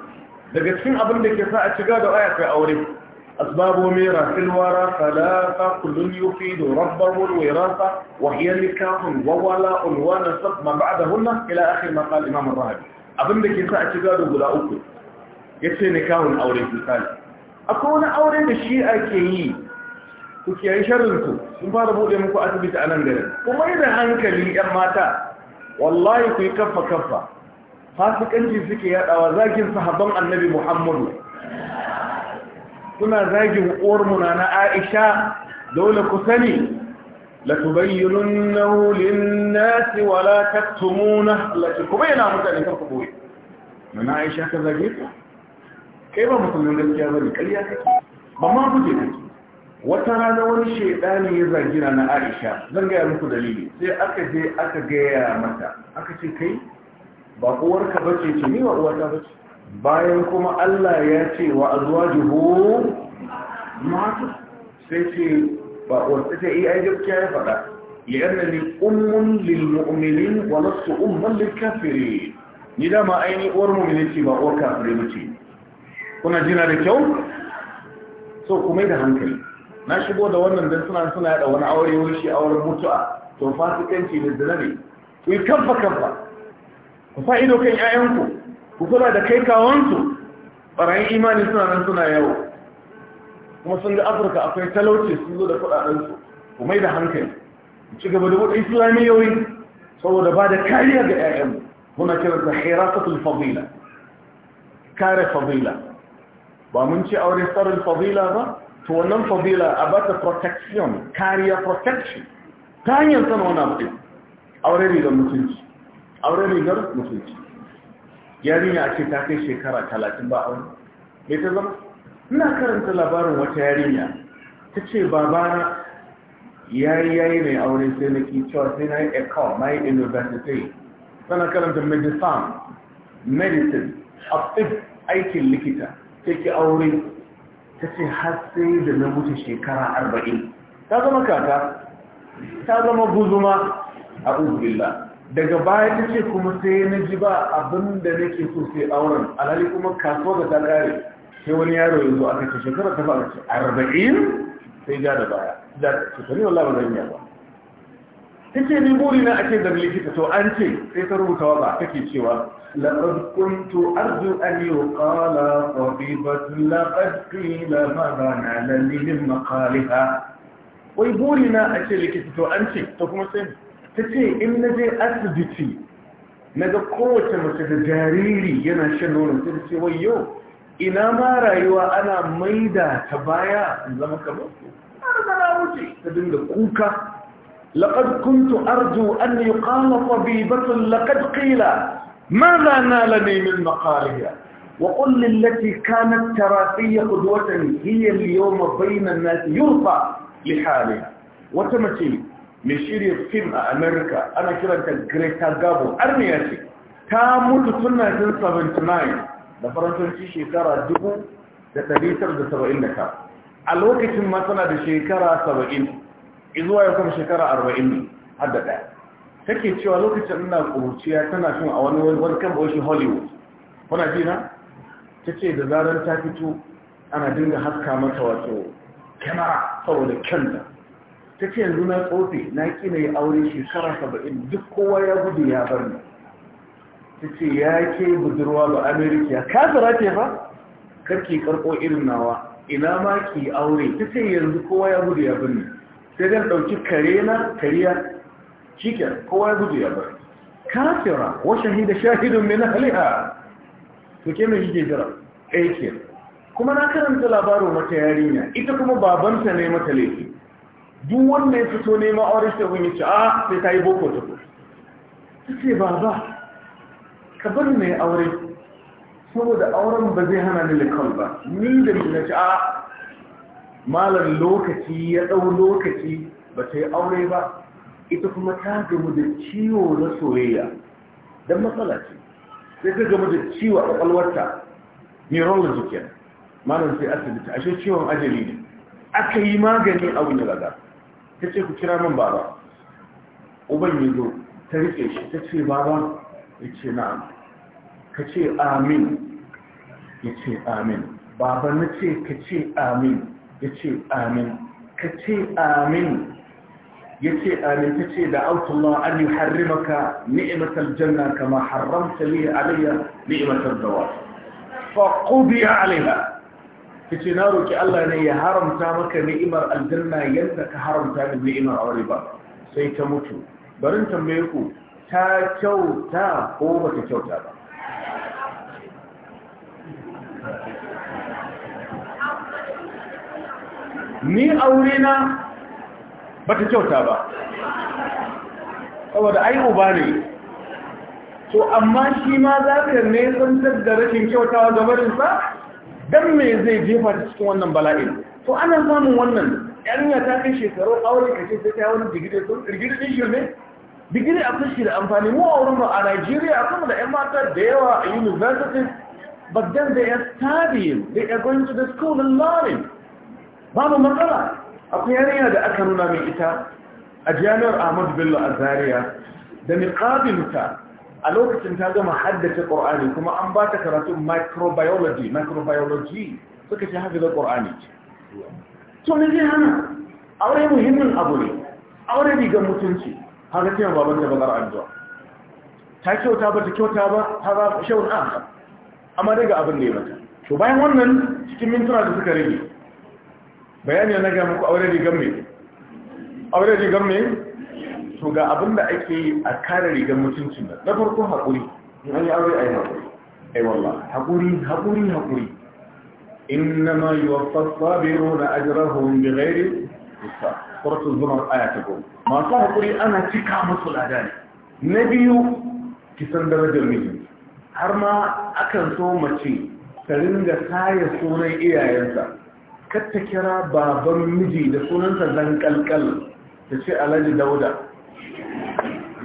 daga cikin abin da ke sa a cika da aya kai aure أسباب ميراث الورى ثلاثة كل يفيد ربه الوراثة وهي نكاح وولاء ونسب ما بعدهن إلى آخر ما قال الإمام الراهبي abin da ke sa a ci gado guda uku ya ce ne kawun aure misali akwai wani aure da shi ake yi ku kiyaye ku. sun fara buɗe muku asibiti a gari. garin kuma da hankali 'yan mata wallahi ku yi fasikanci suke yaɗawa zakin sahabban annabi muhammadu suna zagin ƙormuna na aisha dole ku sani latubayyunun naulin nasi wa latattumuna lati ku bayyana mutane kan kuboye Na aisha ka zage ku kai ba musulmin gaskiya ba ne kariya ka ce ba ma kuje ka ce wata rana wani shaidani ya zagi na aisha zan gaya muku dalili sai aka je aka gaya mata aka ce kai ba kowar ka bace ce ni ba uwata bace bayan kuma Allah ya ce wa azwaji hu matu sai ce ba wata ce eh, iya jirka ya faɗa ya yana ne umun lilmu'umilin wa nasu umman likafiri ni dama aini uwar mu'umini ce ba uwar kafiri mu ce kuna jina da kyau so kuma da hankali na shigo da wannan dan suna suna yada wani aure shi awar mutu'a to fasikanci da zinabi ku yi kafa kamfa ku fa'ido kan 'ya'yanku ku kula da kai kawansu barayin imani suna nan suna yawo kuma sun ga afirka akwai talauci sun zo da kudadensu ku mai da hankali ci gaba da wadai islamiyoyi saboda ba da kariya ga ƴaƴan muna kiran da hirasatul fadila kare fadila ba mun ce aure tsarin fadila ba to wannan fadila a ba ta protection kariya protection ta hanyar sana wani abu aure ne don mutunci aure ne don mutunci yarinya a ce ta kai shekara talatin ba aure me ta zama ina karanta labarin wata yarinya ta ce babana ya yayi mai aure sai na ki cewa sai na yi ecole na yi university sana karanta medicine medicine a aikin likita Ta take aure ta ce har sai da na wuce shekara arba'in ta zama kata, ta zama guzuma a uzubillah daga baya ta ce kuma sai na ji ba abin da nake so sai auren alhali kuma kasuwa da ta kare sai wani yaro yanzu aka ce shekara ta fara ce arba'in sai ja da baya da ta sani wallah ba zan yi ba ta ce ni buri na ake da likita to an ce sai ta rubuta ba kake cewa لقد da أرجو أن يقال طبيبة لقد قيل ماذا نعلم من likita to an ce to kuma sai ta ce in na je asibiti na kowace mace da jariri yana shan nono ta ina ma rayuwa ana maida ta baya zama kamar su har zana wuce ta dinga kuka laƙad kuntu arju an yi ƙama fabibatun laƙad ƙila ma na la neman makariya wa ƙullin lati kanar tarafiya kudu watan hiyar yau mabainan nasi yurfa li hali wata mace mai shirya fim a Amerika, ana kiranta greta gabo armiya ce ta mutu tun 1979 da faransanci shekara 1979 a lokacin matsala da shekara 70 izuwa ya kuma shekara 40 har da daya take cewa lokacin ina kuruciya tana shin a wani welcome ocean hollywood kuna jina ta ce da zarar ta fito ana dinga haska mata wato kyamara saboda kyanta ta ce yanzu na tsofe na kina yi aure shekara saba'in duk kowa ya gudu ya bar ni ta ce ya ke budurwa ba amerika "Ka zara ce ba karki karko irin nawa ina ma ki aure ta ce yanzu kowa ya gudu ya bar ni sai dan ɗauki kare na kariya cikin kowa ya gudu ya bar tsira wa shahida shahidun min ahliha to ke mai yake jira aikin eh, kuma na karanta labarin wata yarinya ita kuma babanta ne mata laifi duk wanda ya fito ne aure shi abin yace a sai ta ah, yi boko da ta ce ba ba ka bar mai aure saboda auren ba zai hana ni likon ba ni da na ce a ah, malar lokaci ya ɗau lokaci ba ta yi aure ba ita kuma ta gamu da ciwo na soyayya don matsala ce sai ta gamu da ciwo a ƙwaƙwalwarta neurology kenan malar sai asibiti ashe ciwon ajali ne aka yi magani a wani lagar ta ce ku kira min baba uban ya zo ta riƙe shi ta ce baba ya ce na'am ka ce amin ya ce amin baba na ce ka ce amin ya ce amin ka ce amin ya ce amin ta ce da autullah an yi harrimaka ni'imatar janna kama haramta liya aliyya ni'imatar dawa fa biya aliyya kace na roki Allah ne ya haramta maka ni'imar aljanna yanda ka haramta ni ni'imar aure ba sai ta mutu barin tambaye ku ta kyauta ko bata kyauta ba ni aure na bata kyauta ba saboda ai uba ne to amma shi ma za ka ne da rashin kyautawa da barinsa dan me zai jefa ta cikin wannan bala'in to ana samun wannan yarinya ta kai shekaru aure kace sai ta wani digiri to digiri din shi ne digiri a kashi da amfani mu a wurin a Nigeria kuma da ƴan mata da yawa a university but then they are studying they are going to the school and learning babu matsala akwai yarinya da aka nuna min ita a jami'ar Ahmadu Bello a Zaria da niqabinta a lokacin ta gama haddace ƙor'ani kuma an ba ta karatun microbiology microbiology suka ce hafi da ƙor'ani ce to ne zai hana aure muhimmin abu ne aure rigar mutunci haka cewa baban ta bazar addu'a ta kyauta ba ta kyauta ba ta ba shawun an amma daga abin da ya mata to bayan wannan cikin mintuna da suka rage bayani na gaya muku aure rigar mai aure rigar mai to ga abin da ake yi a kare rigar mutuncin da, na farko haƙuri in an yi aure a yi haƙuri ai wallah haƙuri haƙuri haƙuri innama yuwaffas sabiru na ajrahum bi ghairi hisab suratul zumar aya ta goma masu haƙuri ana cika musu lada ne na biyu kisan darajar miji. har ma akan so mace ta ringa kaya sunan iyayensa kar ta kira baban miji da sunansa kalkal ta ce alhaji dauda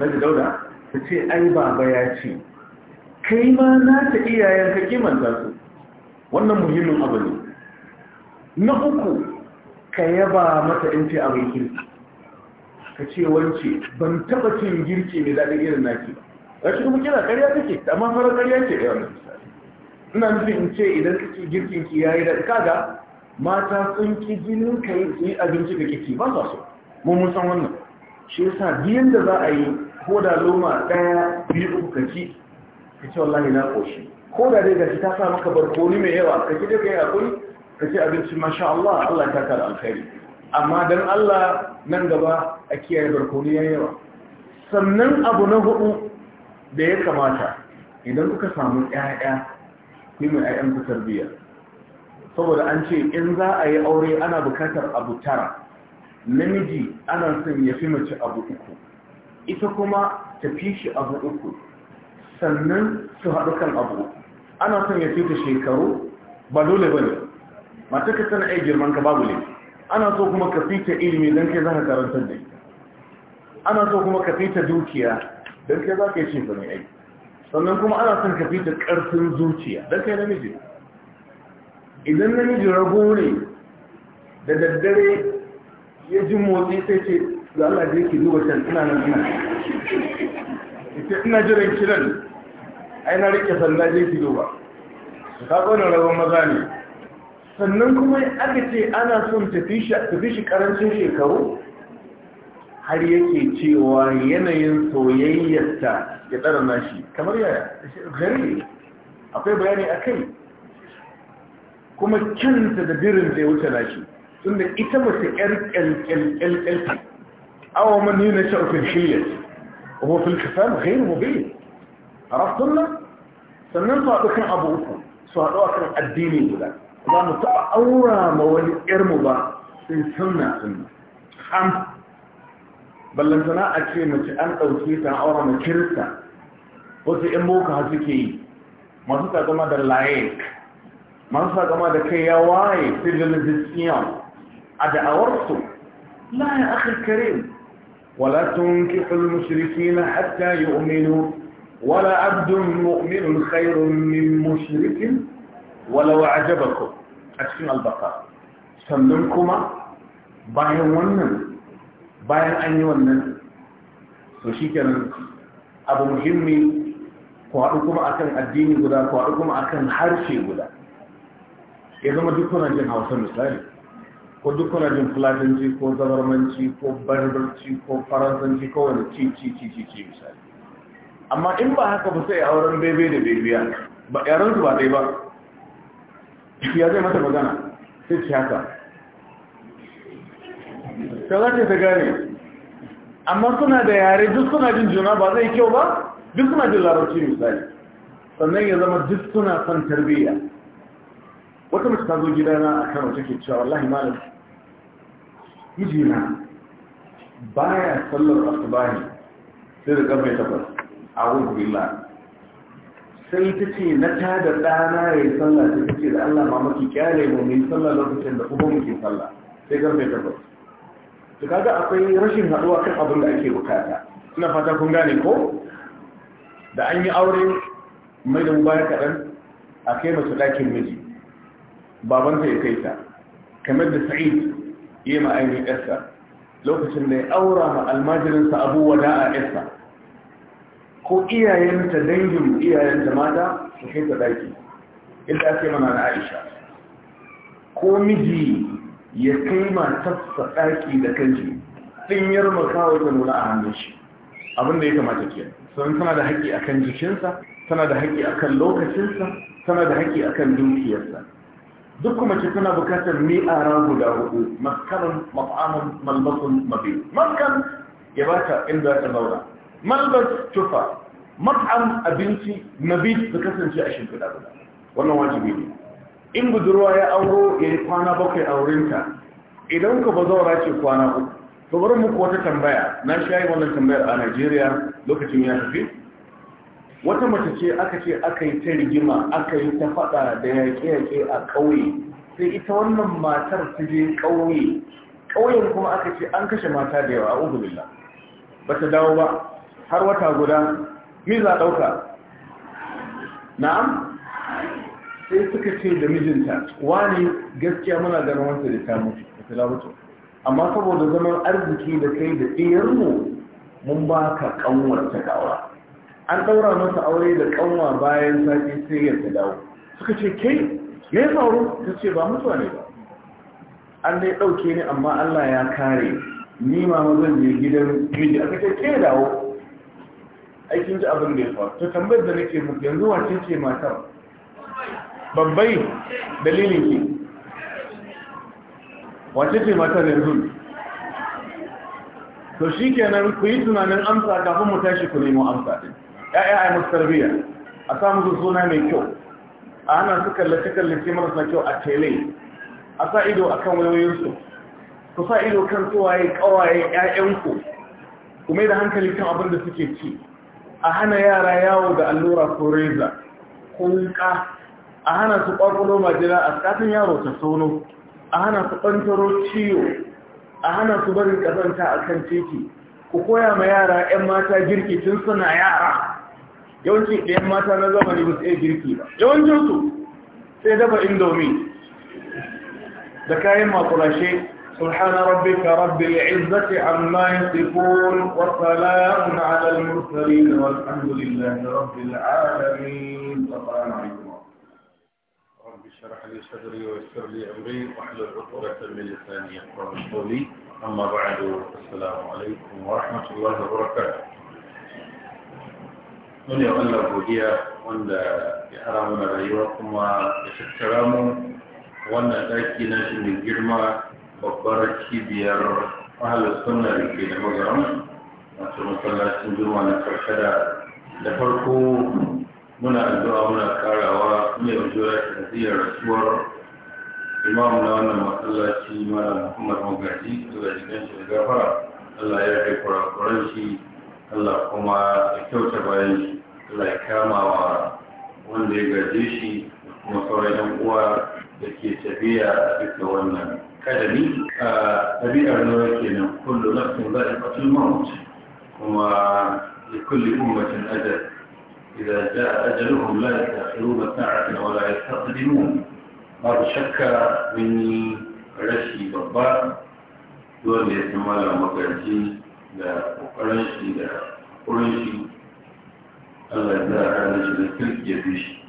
annabi dauda ta ce ai baba ya ce kai ma na ta iyayen ka kimanta su wannan muhimmin abu ne na uku ka yaba mata in ce abin kirki ka ce wance ban taba cin girki mai daɗin irin naki ba rashin kuma kira ƙarya take amma fara ƙarya ce ɗaya wannan misali ina nufin in ce idan ka ci girkin ki yayi da kaga mata sun ki jinin ka yi abinci da kiki ba sa so mu mun san wannan shi yasa biyan da za a yi ko da loma ɗaya biyu uku ka ci ka ce wallahi na ƙoshi ko da dai gashi ta sa maka barkoni mai yawa ka ci dai ka yi ka ci abinci masha Allah Allah ta kara alkhairi amma dan Allah nan gaba a kiyaye barkoni ya yawa sannan abu na hudu da ya kamata idan kuka samu ƴaƴa ku mai ƴaƴan ku tarbiyya saboda an ce in za a yi aure ana bukatar abu tara namiji ana son ya fi mace abu uku ita kuma fi shi abu uku sannan su haɗu kan abu ana son ya fita shekaru ba dole ba ne mata ka sana'ai girman ka babu ne ana so kuma ka fita ilimi don kai za ka karantar da ana so kuma ka fita dukiya don kai za ka yi shekaru ne sannan kuma ana son ka fita ƙarfin zuciya don kai namiji idan namiji rago ne da daddare ya ji motsi sai ce da Allah da yake duba can ina nan ina ita ina jiran kiran ai na rike sanda je ki duba ka wannan rabon maza ne sannan kuma aka ce ana son tafi shi karancin shekaru har yake cewa yanayin soyayyarta ya tsara nashi kamar yaya gari akwai bayani a kai kuma kyanta da birin zai wuce nashi tunda ita mace ƴar, kyalkyalkyalkyalkyal او من ينشأ في الحيل وهو في الكفال غير مبين عرفتم لنا سنين صادقين ابوكم صادقوا الدينين ولا الله متقع اورا مولي ارمضا في سنة سنة خمس بل لن تناع اكي من شأن او سيطة اورا مكرسة وزي اموك هزيكي ما سيطة اقوما دا لايك ما سيطة اقوما دا كيواي في جلزيسيون ادا اورسو لا يا اخي الكريم ولا تنكحوا المشركين حتى يؤمنوا ولا عبد مؤمن خير من مشرك ولو أعجبكم أسفن البقاء سلمكما باين ونن باين أن ونن وشيكا أبو مهمي kwaɗukuma a kan addini guda kwaɗukuma a kan harshe guda ya zama dukkanin jin hausa misali ko duk kuna jin fulatanci ko zabarmanci ko barbarci ko faransanci ko wani ci ci ci ci ci misali amma in ba haka ba sai auren bebe da bebiya ba yaran su ba dai ba ya zai mata magana sai ci haka ta za ta gane amma suna da yare duk suna jin juna ba zai kyau ba duk suna jin larabci misali sannan ya zama duk suna son tarbiyya wata mace ta zo gidana a kano ke cewa wallahi malam mijina baya sallar asubahi sai da karfe takwas a wurbillah sai ta ce na ta da ɗana ya yi sallah sai ta ce da allah ma maki kyale mu mai sallah lokacin da kuma muke sallah sai karfe takwas su kaga akwai rashin haɗuwa kan abin da ake bukata ina fata kun gane ko da an yi aure mai da mubarak kaɗan a kai masu ɗakin miji babanta ya kai ta kamar da sa'id yi ma ainihin yarsa lokacin da ya aura ma almajirinsa abu wada a yarsa ko iyayenta dangin iyayenta mata su kai ta daki inda ake mana na aisha ko miji ya kai matarsa daki da kanshi tsinyar makawa ta nuna a hannun shi abinda ya kamata ke sun tana da haƙƙi akan jikinsa tana da haƙƙi akan lokacinsa tana da haƙƙi akan dukiyarsa duk kuma ce tana bukatar mi'ara guda hudu maskarun maf'amun malbasun mafi maskan ya ba ta inda ta zauna malbas tufa maf'am abinci mafi su kasance a shimfiɗa guda wannan wajibi ne in budurwa ya auro ya yi kwana bakwai a wurinta idan ka ba zaura ce kwana uku to bari muku wata tambaya na shayi wannan tambayar a najeriya lokacin ya tafi wata mace ce aka ce aka yi ta rigima aka yi ta faɗa da yaƙe-yaƙe a ƙauye sai ita wannan matar ta je ƙauye ƙauyen kuma aka ce an kashe mata da yawa a ubulilla ba ta dawo ba har wata guda me za ɗauka na'am sai suka ce da mijinta wani gaskiya muna ganin wanta da ta mutu da ta amma saboda zaman arziki da kai da ɗiyarmu mun ba ka ƙanwar ta an ɗaura masa aure da ƙanwa bayan sati sai ya ta dawo suka ce ke me faru ta ce ba mutuwa ne ba an dai ɗauke ni amma allah ya kare ni ma zan je gidan miji aka ce ke dawo aikin ji abin da ya faru ta tambayar da nake muku yanzu wace ce matar babbai dalilin ki wace ce matar yanzu to shi kenan ku yi tunanin amsa kafin mu tashi ku nemo amsa din ya'ya a musu tarbiyya a samu suna mai kyau a hana su kallace-kallace marasa kyau a tele a sa ido a kan wayoyinsu ku sa ido kan tsawaye kawaye 'ya'yanku ku mai da hankali kan abin da suke ci a hana yara yawo da allura ko reza ko wuka a hana su ƙwaƙwalo majina a tsakatin yaro ta sono a hana su kwantaro ciwo a hana su barin kazanta a kan titi ku koya ma yara 'yan mata girki tun suna yara yawanci ɗayan mata na zamani ba su iya girki ba yawancinsu sai dafa indomi da kayan makulashe سبحان ربك رب العزة عما يصفون وسلام على المرسلين والحمد لله رب العالمين السلام عليكم رب اشرح لي صدري ويسر لي أمري واحلل عقدة من لساني يفقهوا قولي أما بعد السلام عليكم ورحمة الله وبركاته mune Allah godiya wanda ya hara mana rayuwa kuma ya tattara mu wannan ɗaki na shi mai girma babbar cibiyar ahalar sunna da ke da magaram masu masallacin juma'a na karkada da farko muna addu'a muna karawa mai ujura ta ziyar rasuwar imam na wannan masallaci mana muhammad magaji daga jikin shi da gafara Allah ya kai kurakuran shi Allah kuma ya kyauta bayan shi Allah ya kama wa wanda ya gaje shi kuma sauran yan uwa da ke tafiya a duka wannan kadami a ɗabi'ar nawa kenan kullu nafsin za'iqatul maut kuma li kulli ummatin ajal idza ja'a ajaluhum la yasta'khiruna sa'atan wa la yastaqdimun babu shakka mun rashi babba dole ya san malam magarji da ƙoƙarin shi da kurin shi Allah ya zara da shi da kirki ya fi shi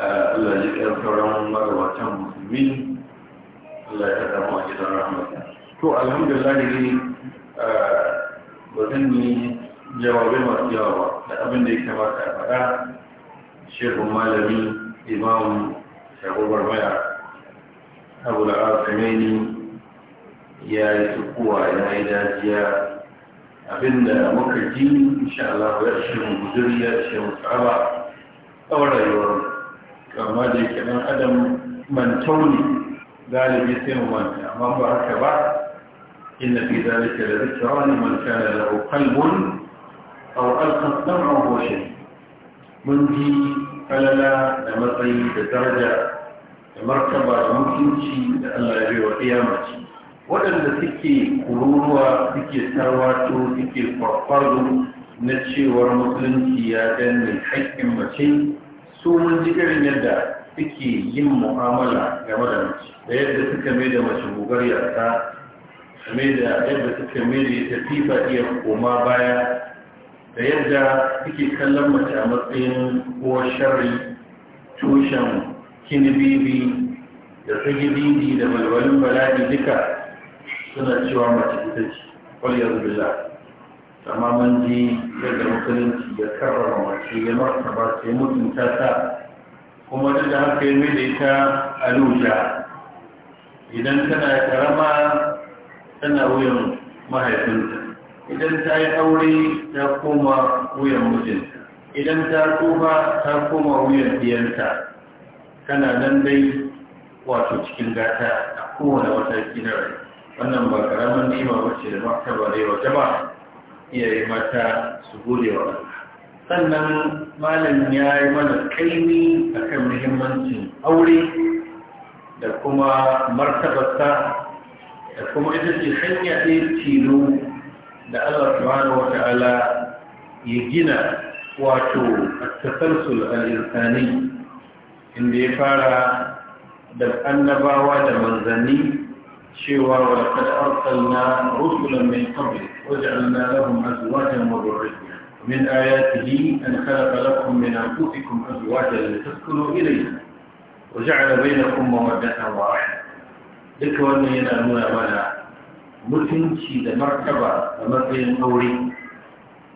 ah, Allah ya ƙyar sauran magabatan musulmi Allah ya haɗa mu a gidan rahmata to alhamdulillah ne ah, ba zan yi jawabai masu yawa ba da abin da ya kamata a faɗa shehun malami imam shagobar maya abu da kamenin ya yi tukuwa ya yi dajiya abinda muka ji insha Allah ya ce mu ya ce mu tsaba tsawon rayuwar kama da yake ɗan adam mantau ne galibi sai mu manta amma ba haka ba inna fi zalika la dhikra liman kana lahu qalbun aw alqa sam'ahu shay'an mun ji falala da matsayi da daraja da martaba da mutunci da Allah ya bai wa kiyama waɗanda suke kururuwa suke sarwato suke farfaro na cewar musulunci ya danne haƙƙin mace su mun ji irin yadda suke yin mu'amala game da mace da yadda suka mai da mace gugar yarda game da yadda suka mai da ita fifa iya koma baya da yadda suke kallon mace a matsayin ko sharri tushen kinibibi da tsagididi da balbalin bala'i duka suna cewa mace ita ce kwaliyar zubila amma mun ji yadda musulunci ya karrama mace ya ba sai mutunta ta kuma duk da haka ya da ita lusha idan tana karama tana wuyan mahaifinta idan ta yi aure ta koma wuyan mijinta idan ta tsufa ta koma wuyan diyanta tana nan dai wato cikin gata a kowane mataki na wannan ba karamin nima wacce da martaba da yawa iya yi mata su gode wa sannan malam ya yi mana kaimi a kan muhimmancin aure da kuma martabarsa da kuma ita ce hanya ɗaya tilo da allah subhanahu wa ta'ala ya gina wato a tasarsul al'insani inda ya fara da annabawa da manzanni cewa wa kad arsalna rusulan min qablik waj'alna lahum azwajan wa dhurriyya min ayatihi an khalaqa lakum min anfusikum azwajan litaskunu ilayha wa ja'ala bainakum mawaddatan wa rahmah duka wannan yana nuna mana mutunci da martaba a matsayin aure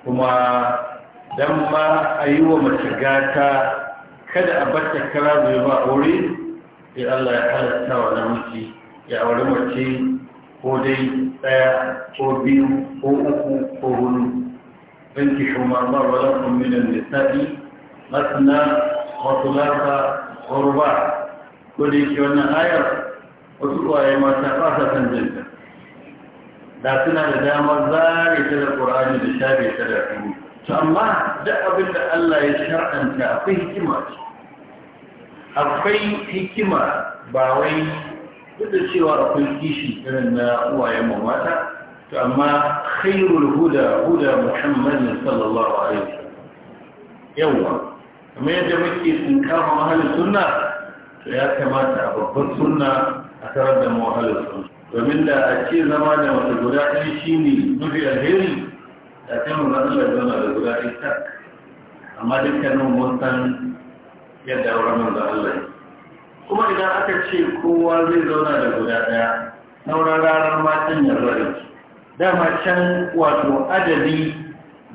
kuma dan ma a wa mace gata kada a bata kara zai ba aure sai Allah ya halatta wa namiji ya wani mace ko dai tsaya, ko biyu ko uku ko hudu ki binki shumarmar wadda kumminan lissafi masana wasu larba ƙorba ko dai ke wannan ayar wasu ƙwaye mata fasa san jinta da suna da damar zare ta da ƙorani da shafe ta da ruru to amma duk abin da Allah ya shar'anta akwai hikima akwai hikima ba wai duk da cewa akwai kishi irin na uwayen mamata mata to amma khairul huda huda muhammadin sallallahu alaihi yawa kamar yadda muke tsinkafa mahalin sunna to ya kamata a babbar sunna a tarar da mahalin sunna domin da a ce zama da wata guda ɗaya shi ne mafi alheri da ta mu zan da zauna da guda ɗaya tak amma dukkanin mun san yadda auren da Allah kuma idan aka ce kowa zai zauna da guda ɗaya sauran ranar matan yarwar da dama can wato adadi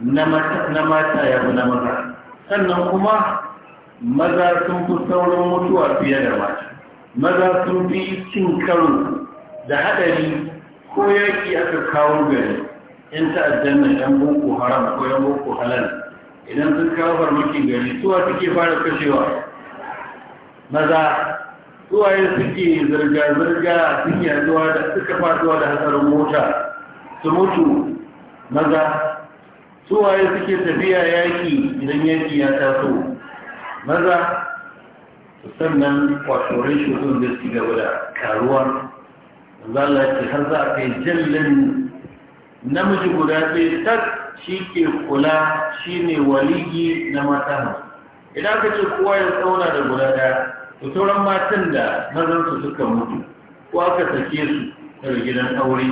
na mata ya fi na maza sannan kuma maza sun fi saurin mutuwa fiye da mata maza sun fi cin karo da haɗari ko yaƙi aka kawo gari in ta'addan na yan boko haram ko yan boko halal idan sun kawo farmakin gari suwa suke fara kashewa maza suwaye suke zirga-zirga sun yaduwa da suka faduwa da hatsarin mota su mutu maza suwaye suke tafiya yaki idan yaki ya taso maza sannan kwashorin shudun da su gaba da karuwa zala ce har za a kai jallin namiji guda ɗaya tak shi ke kula shi ne waligi na mata idan ka ce kowa ya tsauna da guda daya to sauran matan da mazansu suka mutu ko aka sake su daga gidan aure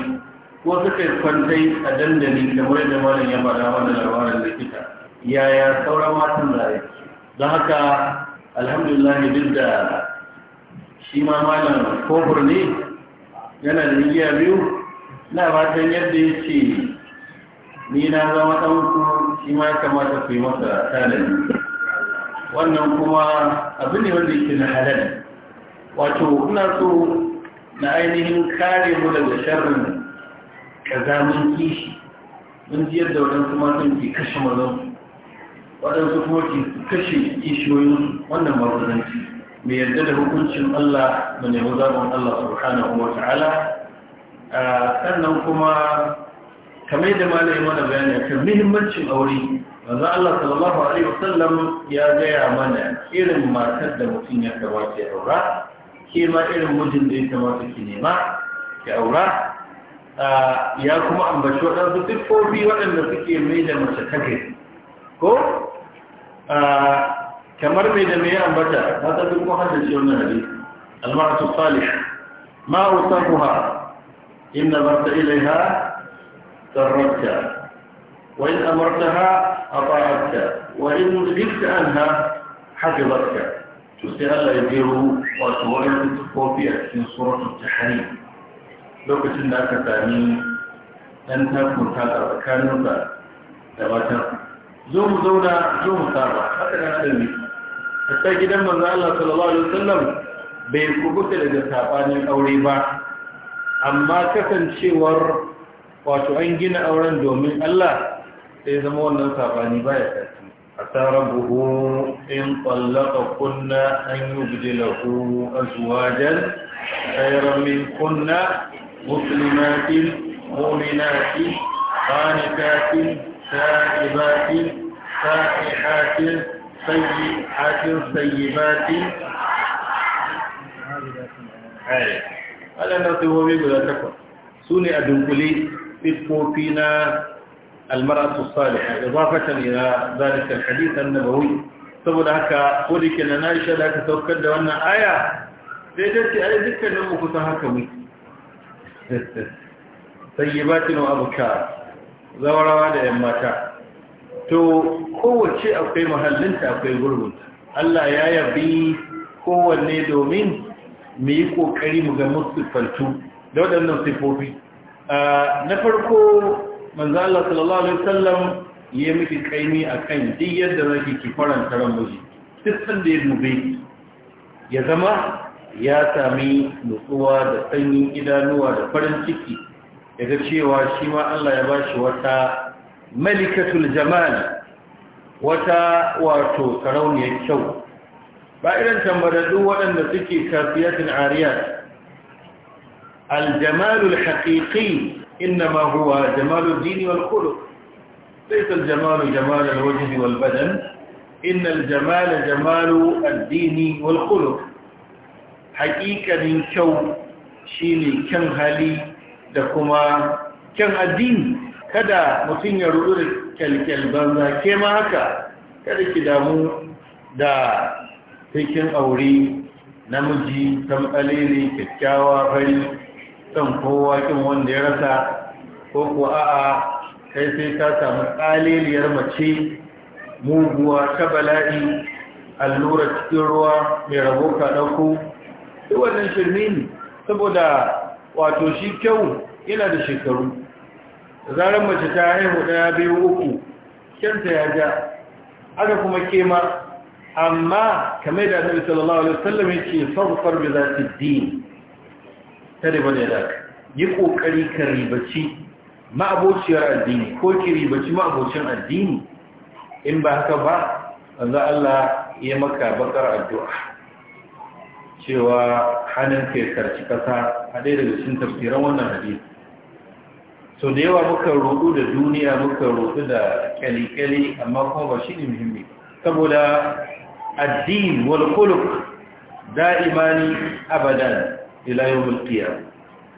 ko suka yi kwantai a dandali da kamar da malam ya faɗa mana labarin likita yaya sauran matan za a don haka alhamdulillah duk da shi ma malam kofur ne yana da miliya biyu na fatan yadda ya ce ni na zama ɗanku shi ma ya kamata ku yi masa tanadi wannan kuma abu ne wanda yake na halal wato ina so na ainihin kare mu daga sharrin kazamin kishi mun ji yadda waɗansu matan ke kashe mazan waɗansu kuma ke kashe kishiyoyin wannan mazanci mai yarda da hukuncin Allah da nemi zaɓin Allah subhanahu wa ta'ala sannan kuma kamar da malayi mana bayani kan muhimmancin aure manzo Allah sallallahu alaihi wasallam ya gaya mana irin matar da mutum ya kamata ya aura ke ma irin mijin da ya kamata ki nema ki aura ya kuma ambaci waɗansu siffofi waɗanda suke mai da mace ta gari ko kamar mai da mai ambata ta tafi kuma hada shi wannan hadisi almaratu salih ma usafuha inna barta ilaiha sarrafta wa in amartaha أطاعتك وإن مزلت عنها حفظتك تسأل يدير وتولد الكوفية في سورة التحريم لو كنت لك ثاني أن تكون هذا مكانك تبتر زوم زونا زوم سابع هكذا أدمي حتى جدا من الله صلى الله عليه وسلم بيكوكت لدى سابعني أوريبا أما كفن شوار wato an gina auren domin Allah sai zama wannan sabani ba ya sarki a tsarar buhu in tsallaka kunna an yi guje da huru a zuwajen tsayarmin kunna musulmatin mominati banikatin sa'ibatin sa'ihatin sayyihatin sayyibatin ƙari alanda sai hobi guda takwa su ne a dunkule fitkofi na المرأة الصالحة إضافة إلى ذلك الحديث النبوي saboda haka ko da ke na na'isha da aka saukar da wannan aya sai da ce ai dukkanin mu kusan haka mu sayyibatin wa abuka zawarawa da yan mata to kowace akwai muhallinta akwai gurbinta Allah ya yabi kowanne domin mu yi kokari mu ga musu da waɗannan sifofi na farko manzo Allah sallallahu alaihi wasallam ya miki kaimi akan duk yadda zaki ki faranta ran miji duk sanda ya dube ya zama ya sami nutsuwa da sanyin idanuwa da farin ciki daga cewa shi ma Allah ya bashi wata malikatul jamal wata wato sarauniyar kyau ba irin tambararru waɗanda suke kafiyatin ariyar aljamalul haƙiƙi إنما هو جمال الدين والخلق ليس الجمال جمال الوجه والبدن إن الجمال جمال الدين والخلق حقيقة من كو شيني كان هالي دكما كان الدين kada mutum ya rudu كما هكا banza ke دا haka أوري نمجي تم أليلي cikin aure kan kowa kin wanda ya rasa ko kuwa a'a kai sai ka samu tsaliliyar mace muguwa ta bala'i allura cikin ruwa mai rabo ka ɗauko duk wannan shirme ne saboda wato shi kyau yana da shekaru zarar mace ta haihu ɗaya biyu uku kyanta ya ja aka kuma kema amma kamar da annabi sallallahu alaihi wasallam yake sabfar bi zati din tare ya da yi kokari ka ribaci ma'abociyar addini ko ki ribaci ma'abocin addini in ba haka ba azza Allah ya maka bakar addu'a cewa hannun ke karci kasa a ɗaya daga cikin tafsiran wannan hadisi so da yawa muka roƙo da duniya muka roƙo da kyalikyali amma kuma ba shi ne muhimmi saboda addini wal kuluk imani abadan ila yau mulkiya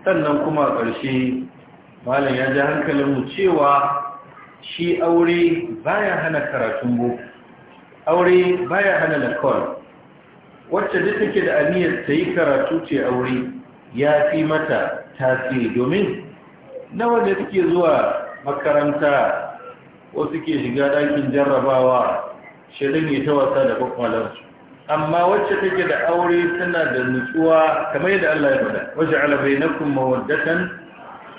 sannan kuma a ƙarshe malam ya ji hankalinmu cewa shi aure baya hana karatun boko aure baya hana lakon wacce duk take da aniyar ta yi karatu ce aure ya fi mata tasiri domin na wanda suke zuwa makaranta ko suke shiga ɗakin jarrabawa shirin ne ta wasa da kwakwalarsu amma wacce take da aure tana da nutsuwa kamar yadda Allah ya faɗa ala bainakum mawaddatan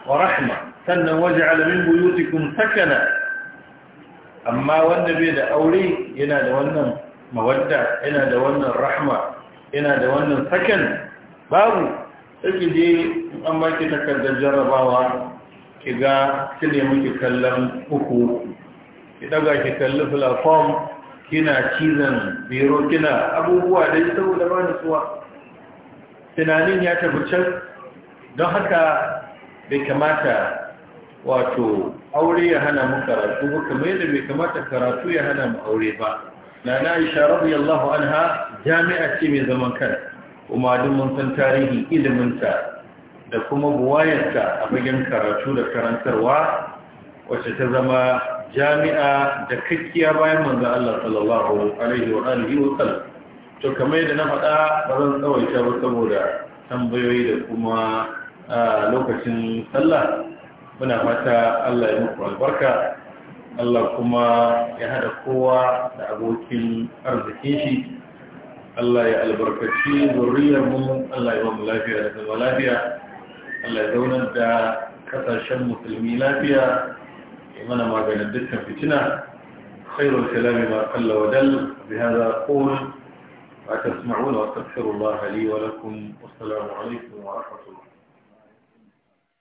wa rahma sannan ala min buyutikum sakana amma wanda bai da aure yana da wannan mawadda yana da wannan rahma yana da wannan sakan babu take je an baki takardar jarabawa kiga kile muke kallon uku ki daga ki kallon platform kina cizon bero kina abubuwa da ya saboda ba suwa tunanin ya tafi can don haka bai kamata wato aure ya hana mu karatu ba kamar yadda bai kamata karatu ya hana mu aure ba na na isha an ha! jami'a ce mai zaman kan kuma duk mun san tarihi iliminta da kuma buwayarta a fagen karatu da karantarwa wacce ta zama jami'a da kakkiya bayan manzo Allah sallallahu alaihi wa alihi wa sallam to kamar yadda na faɗa ba zan tsawaita ba saboda tambayoyi da kuma lokacin sallah muna fata Allah ya muku albarka Allah kuma ya hada kowa da abokin arzikin shi Allah ya albarkaci zuriyar mu Allah ya mu lafiya da zama lafiya Allah ya zaunar da kasashen musulmi lafiya ما maganin في fitina خير الكلام ما قل ودل بهذا أقول أتسمعون وأستغفر الله لي ولكم والسلام عليكم ورحمة الله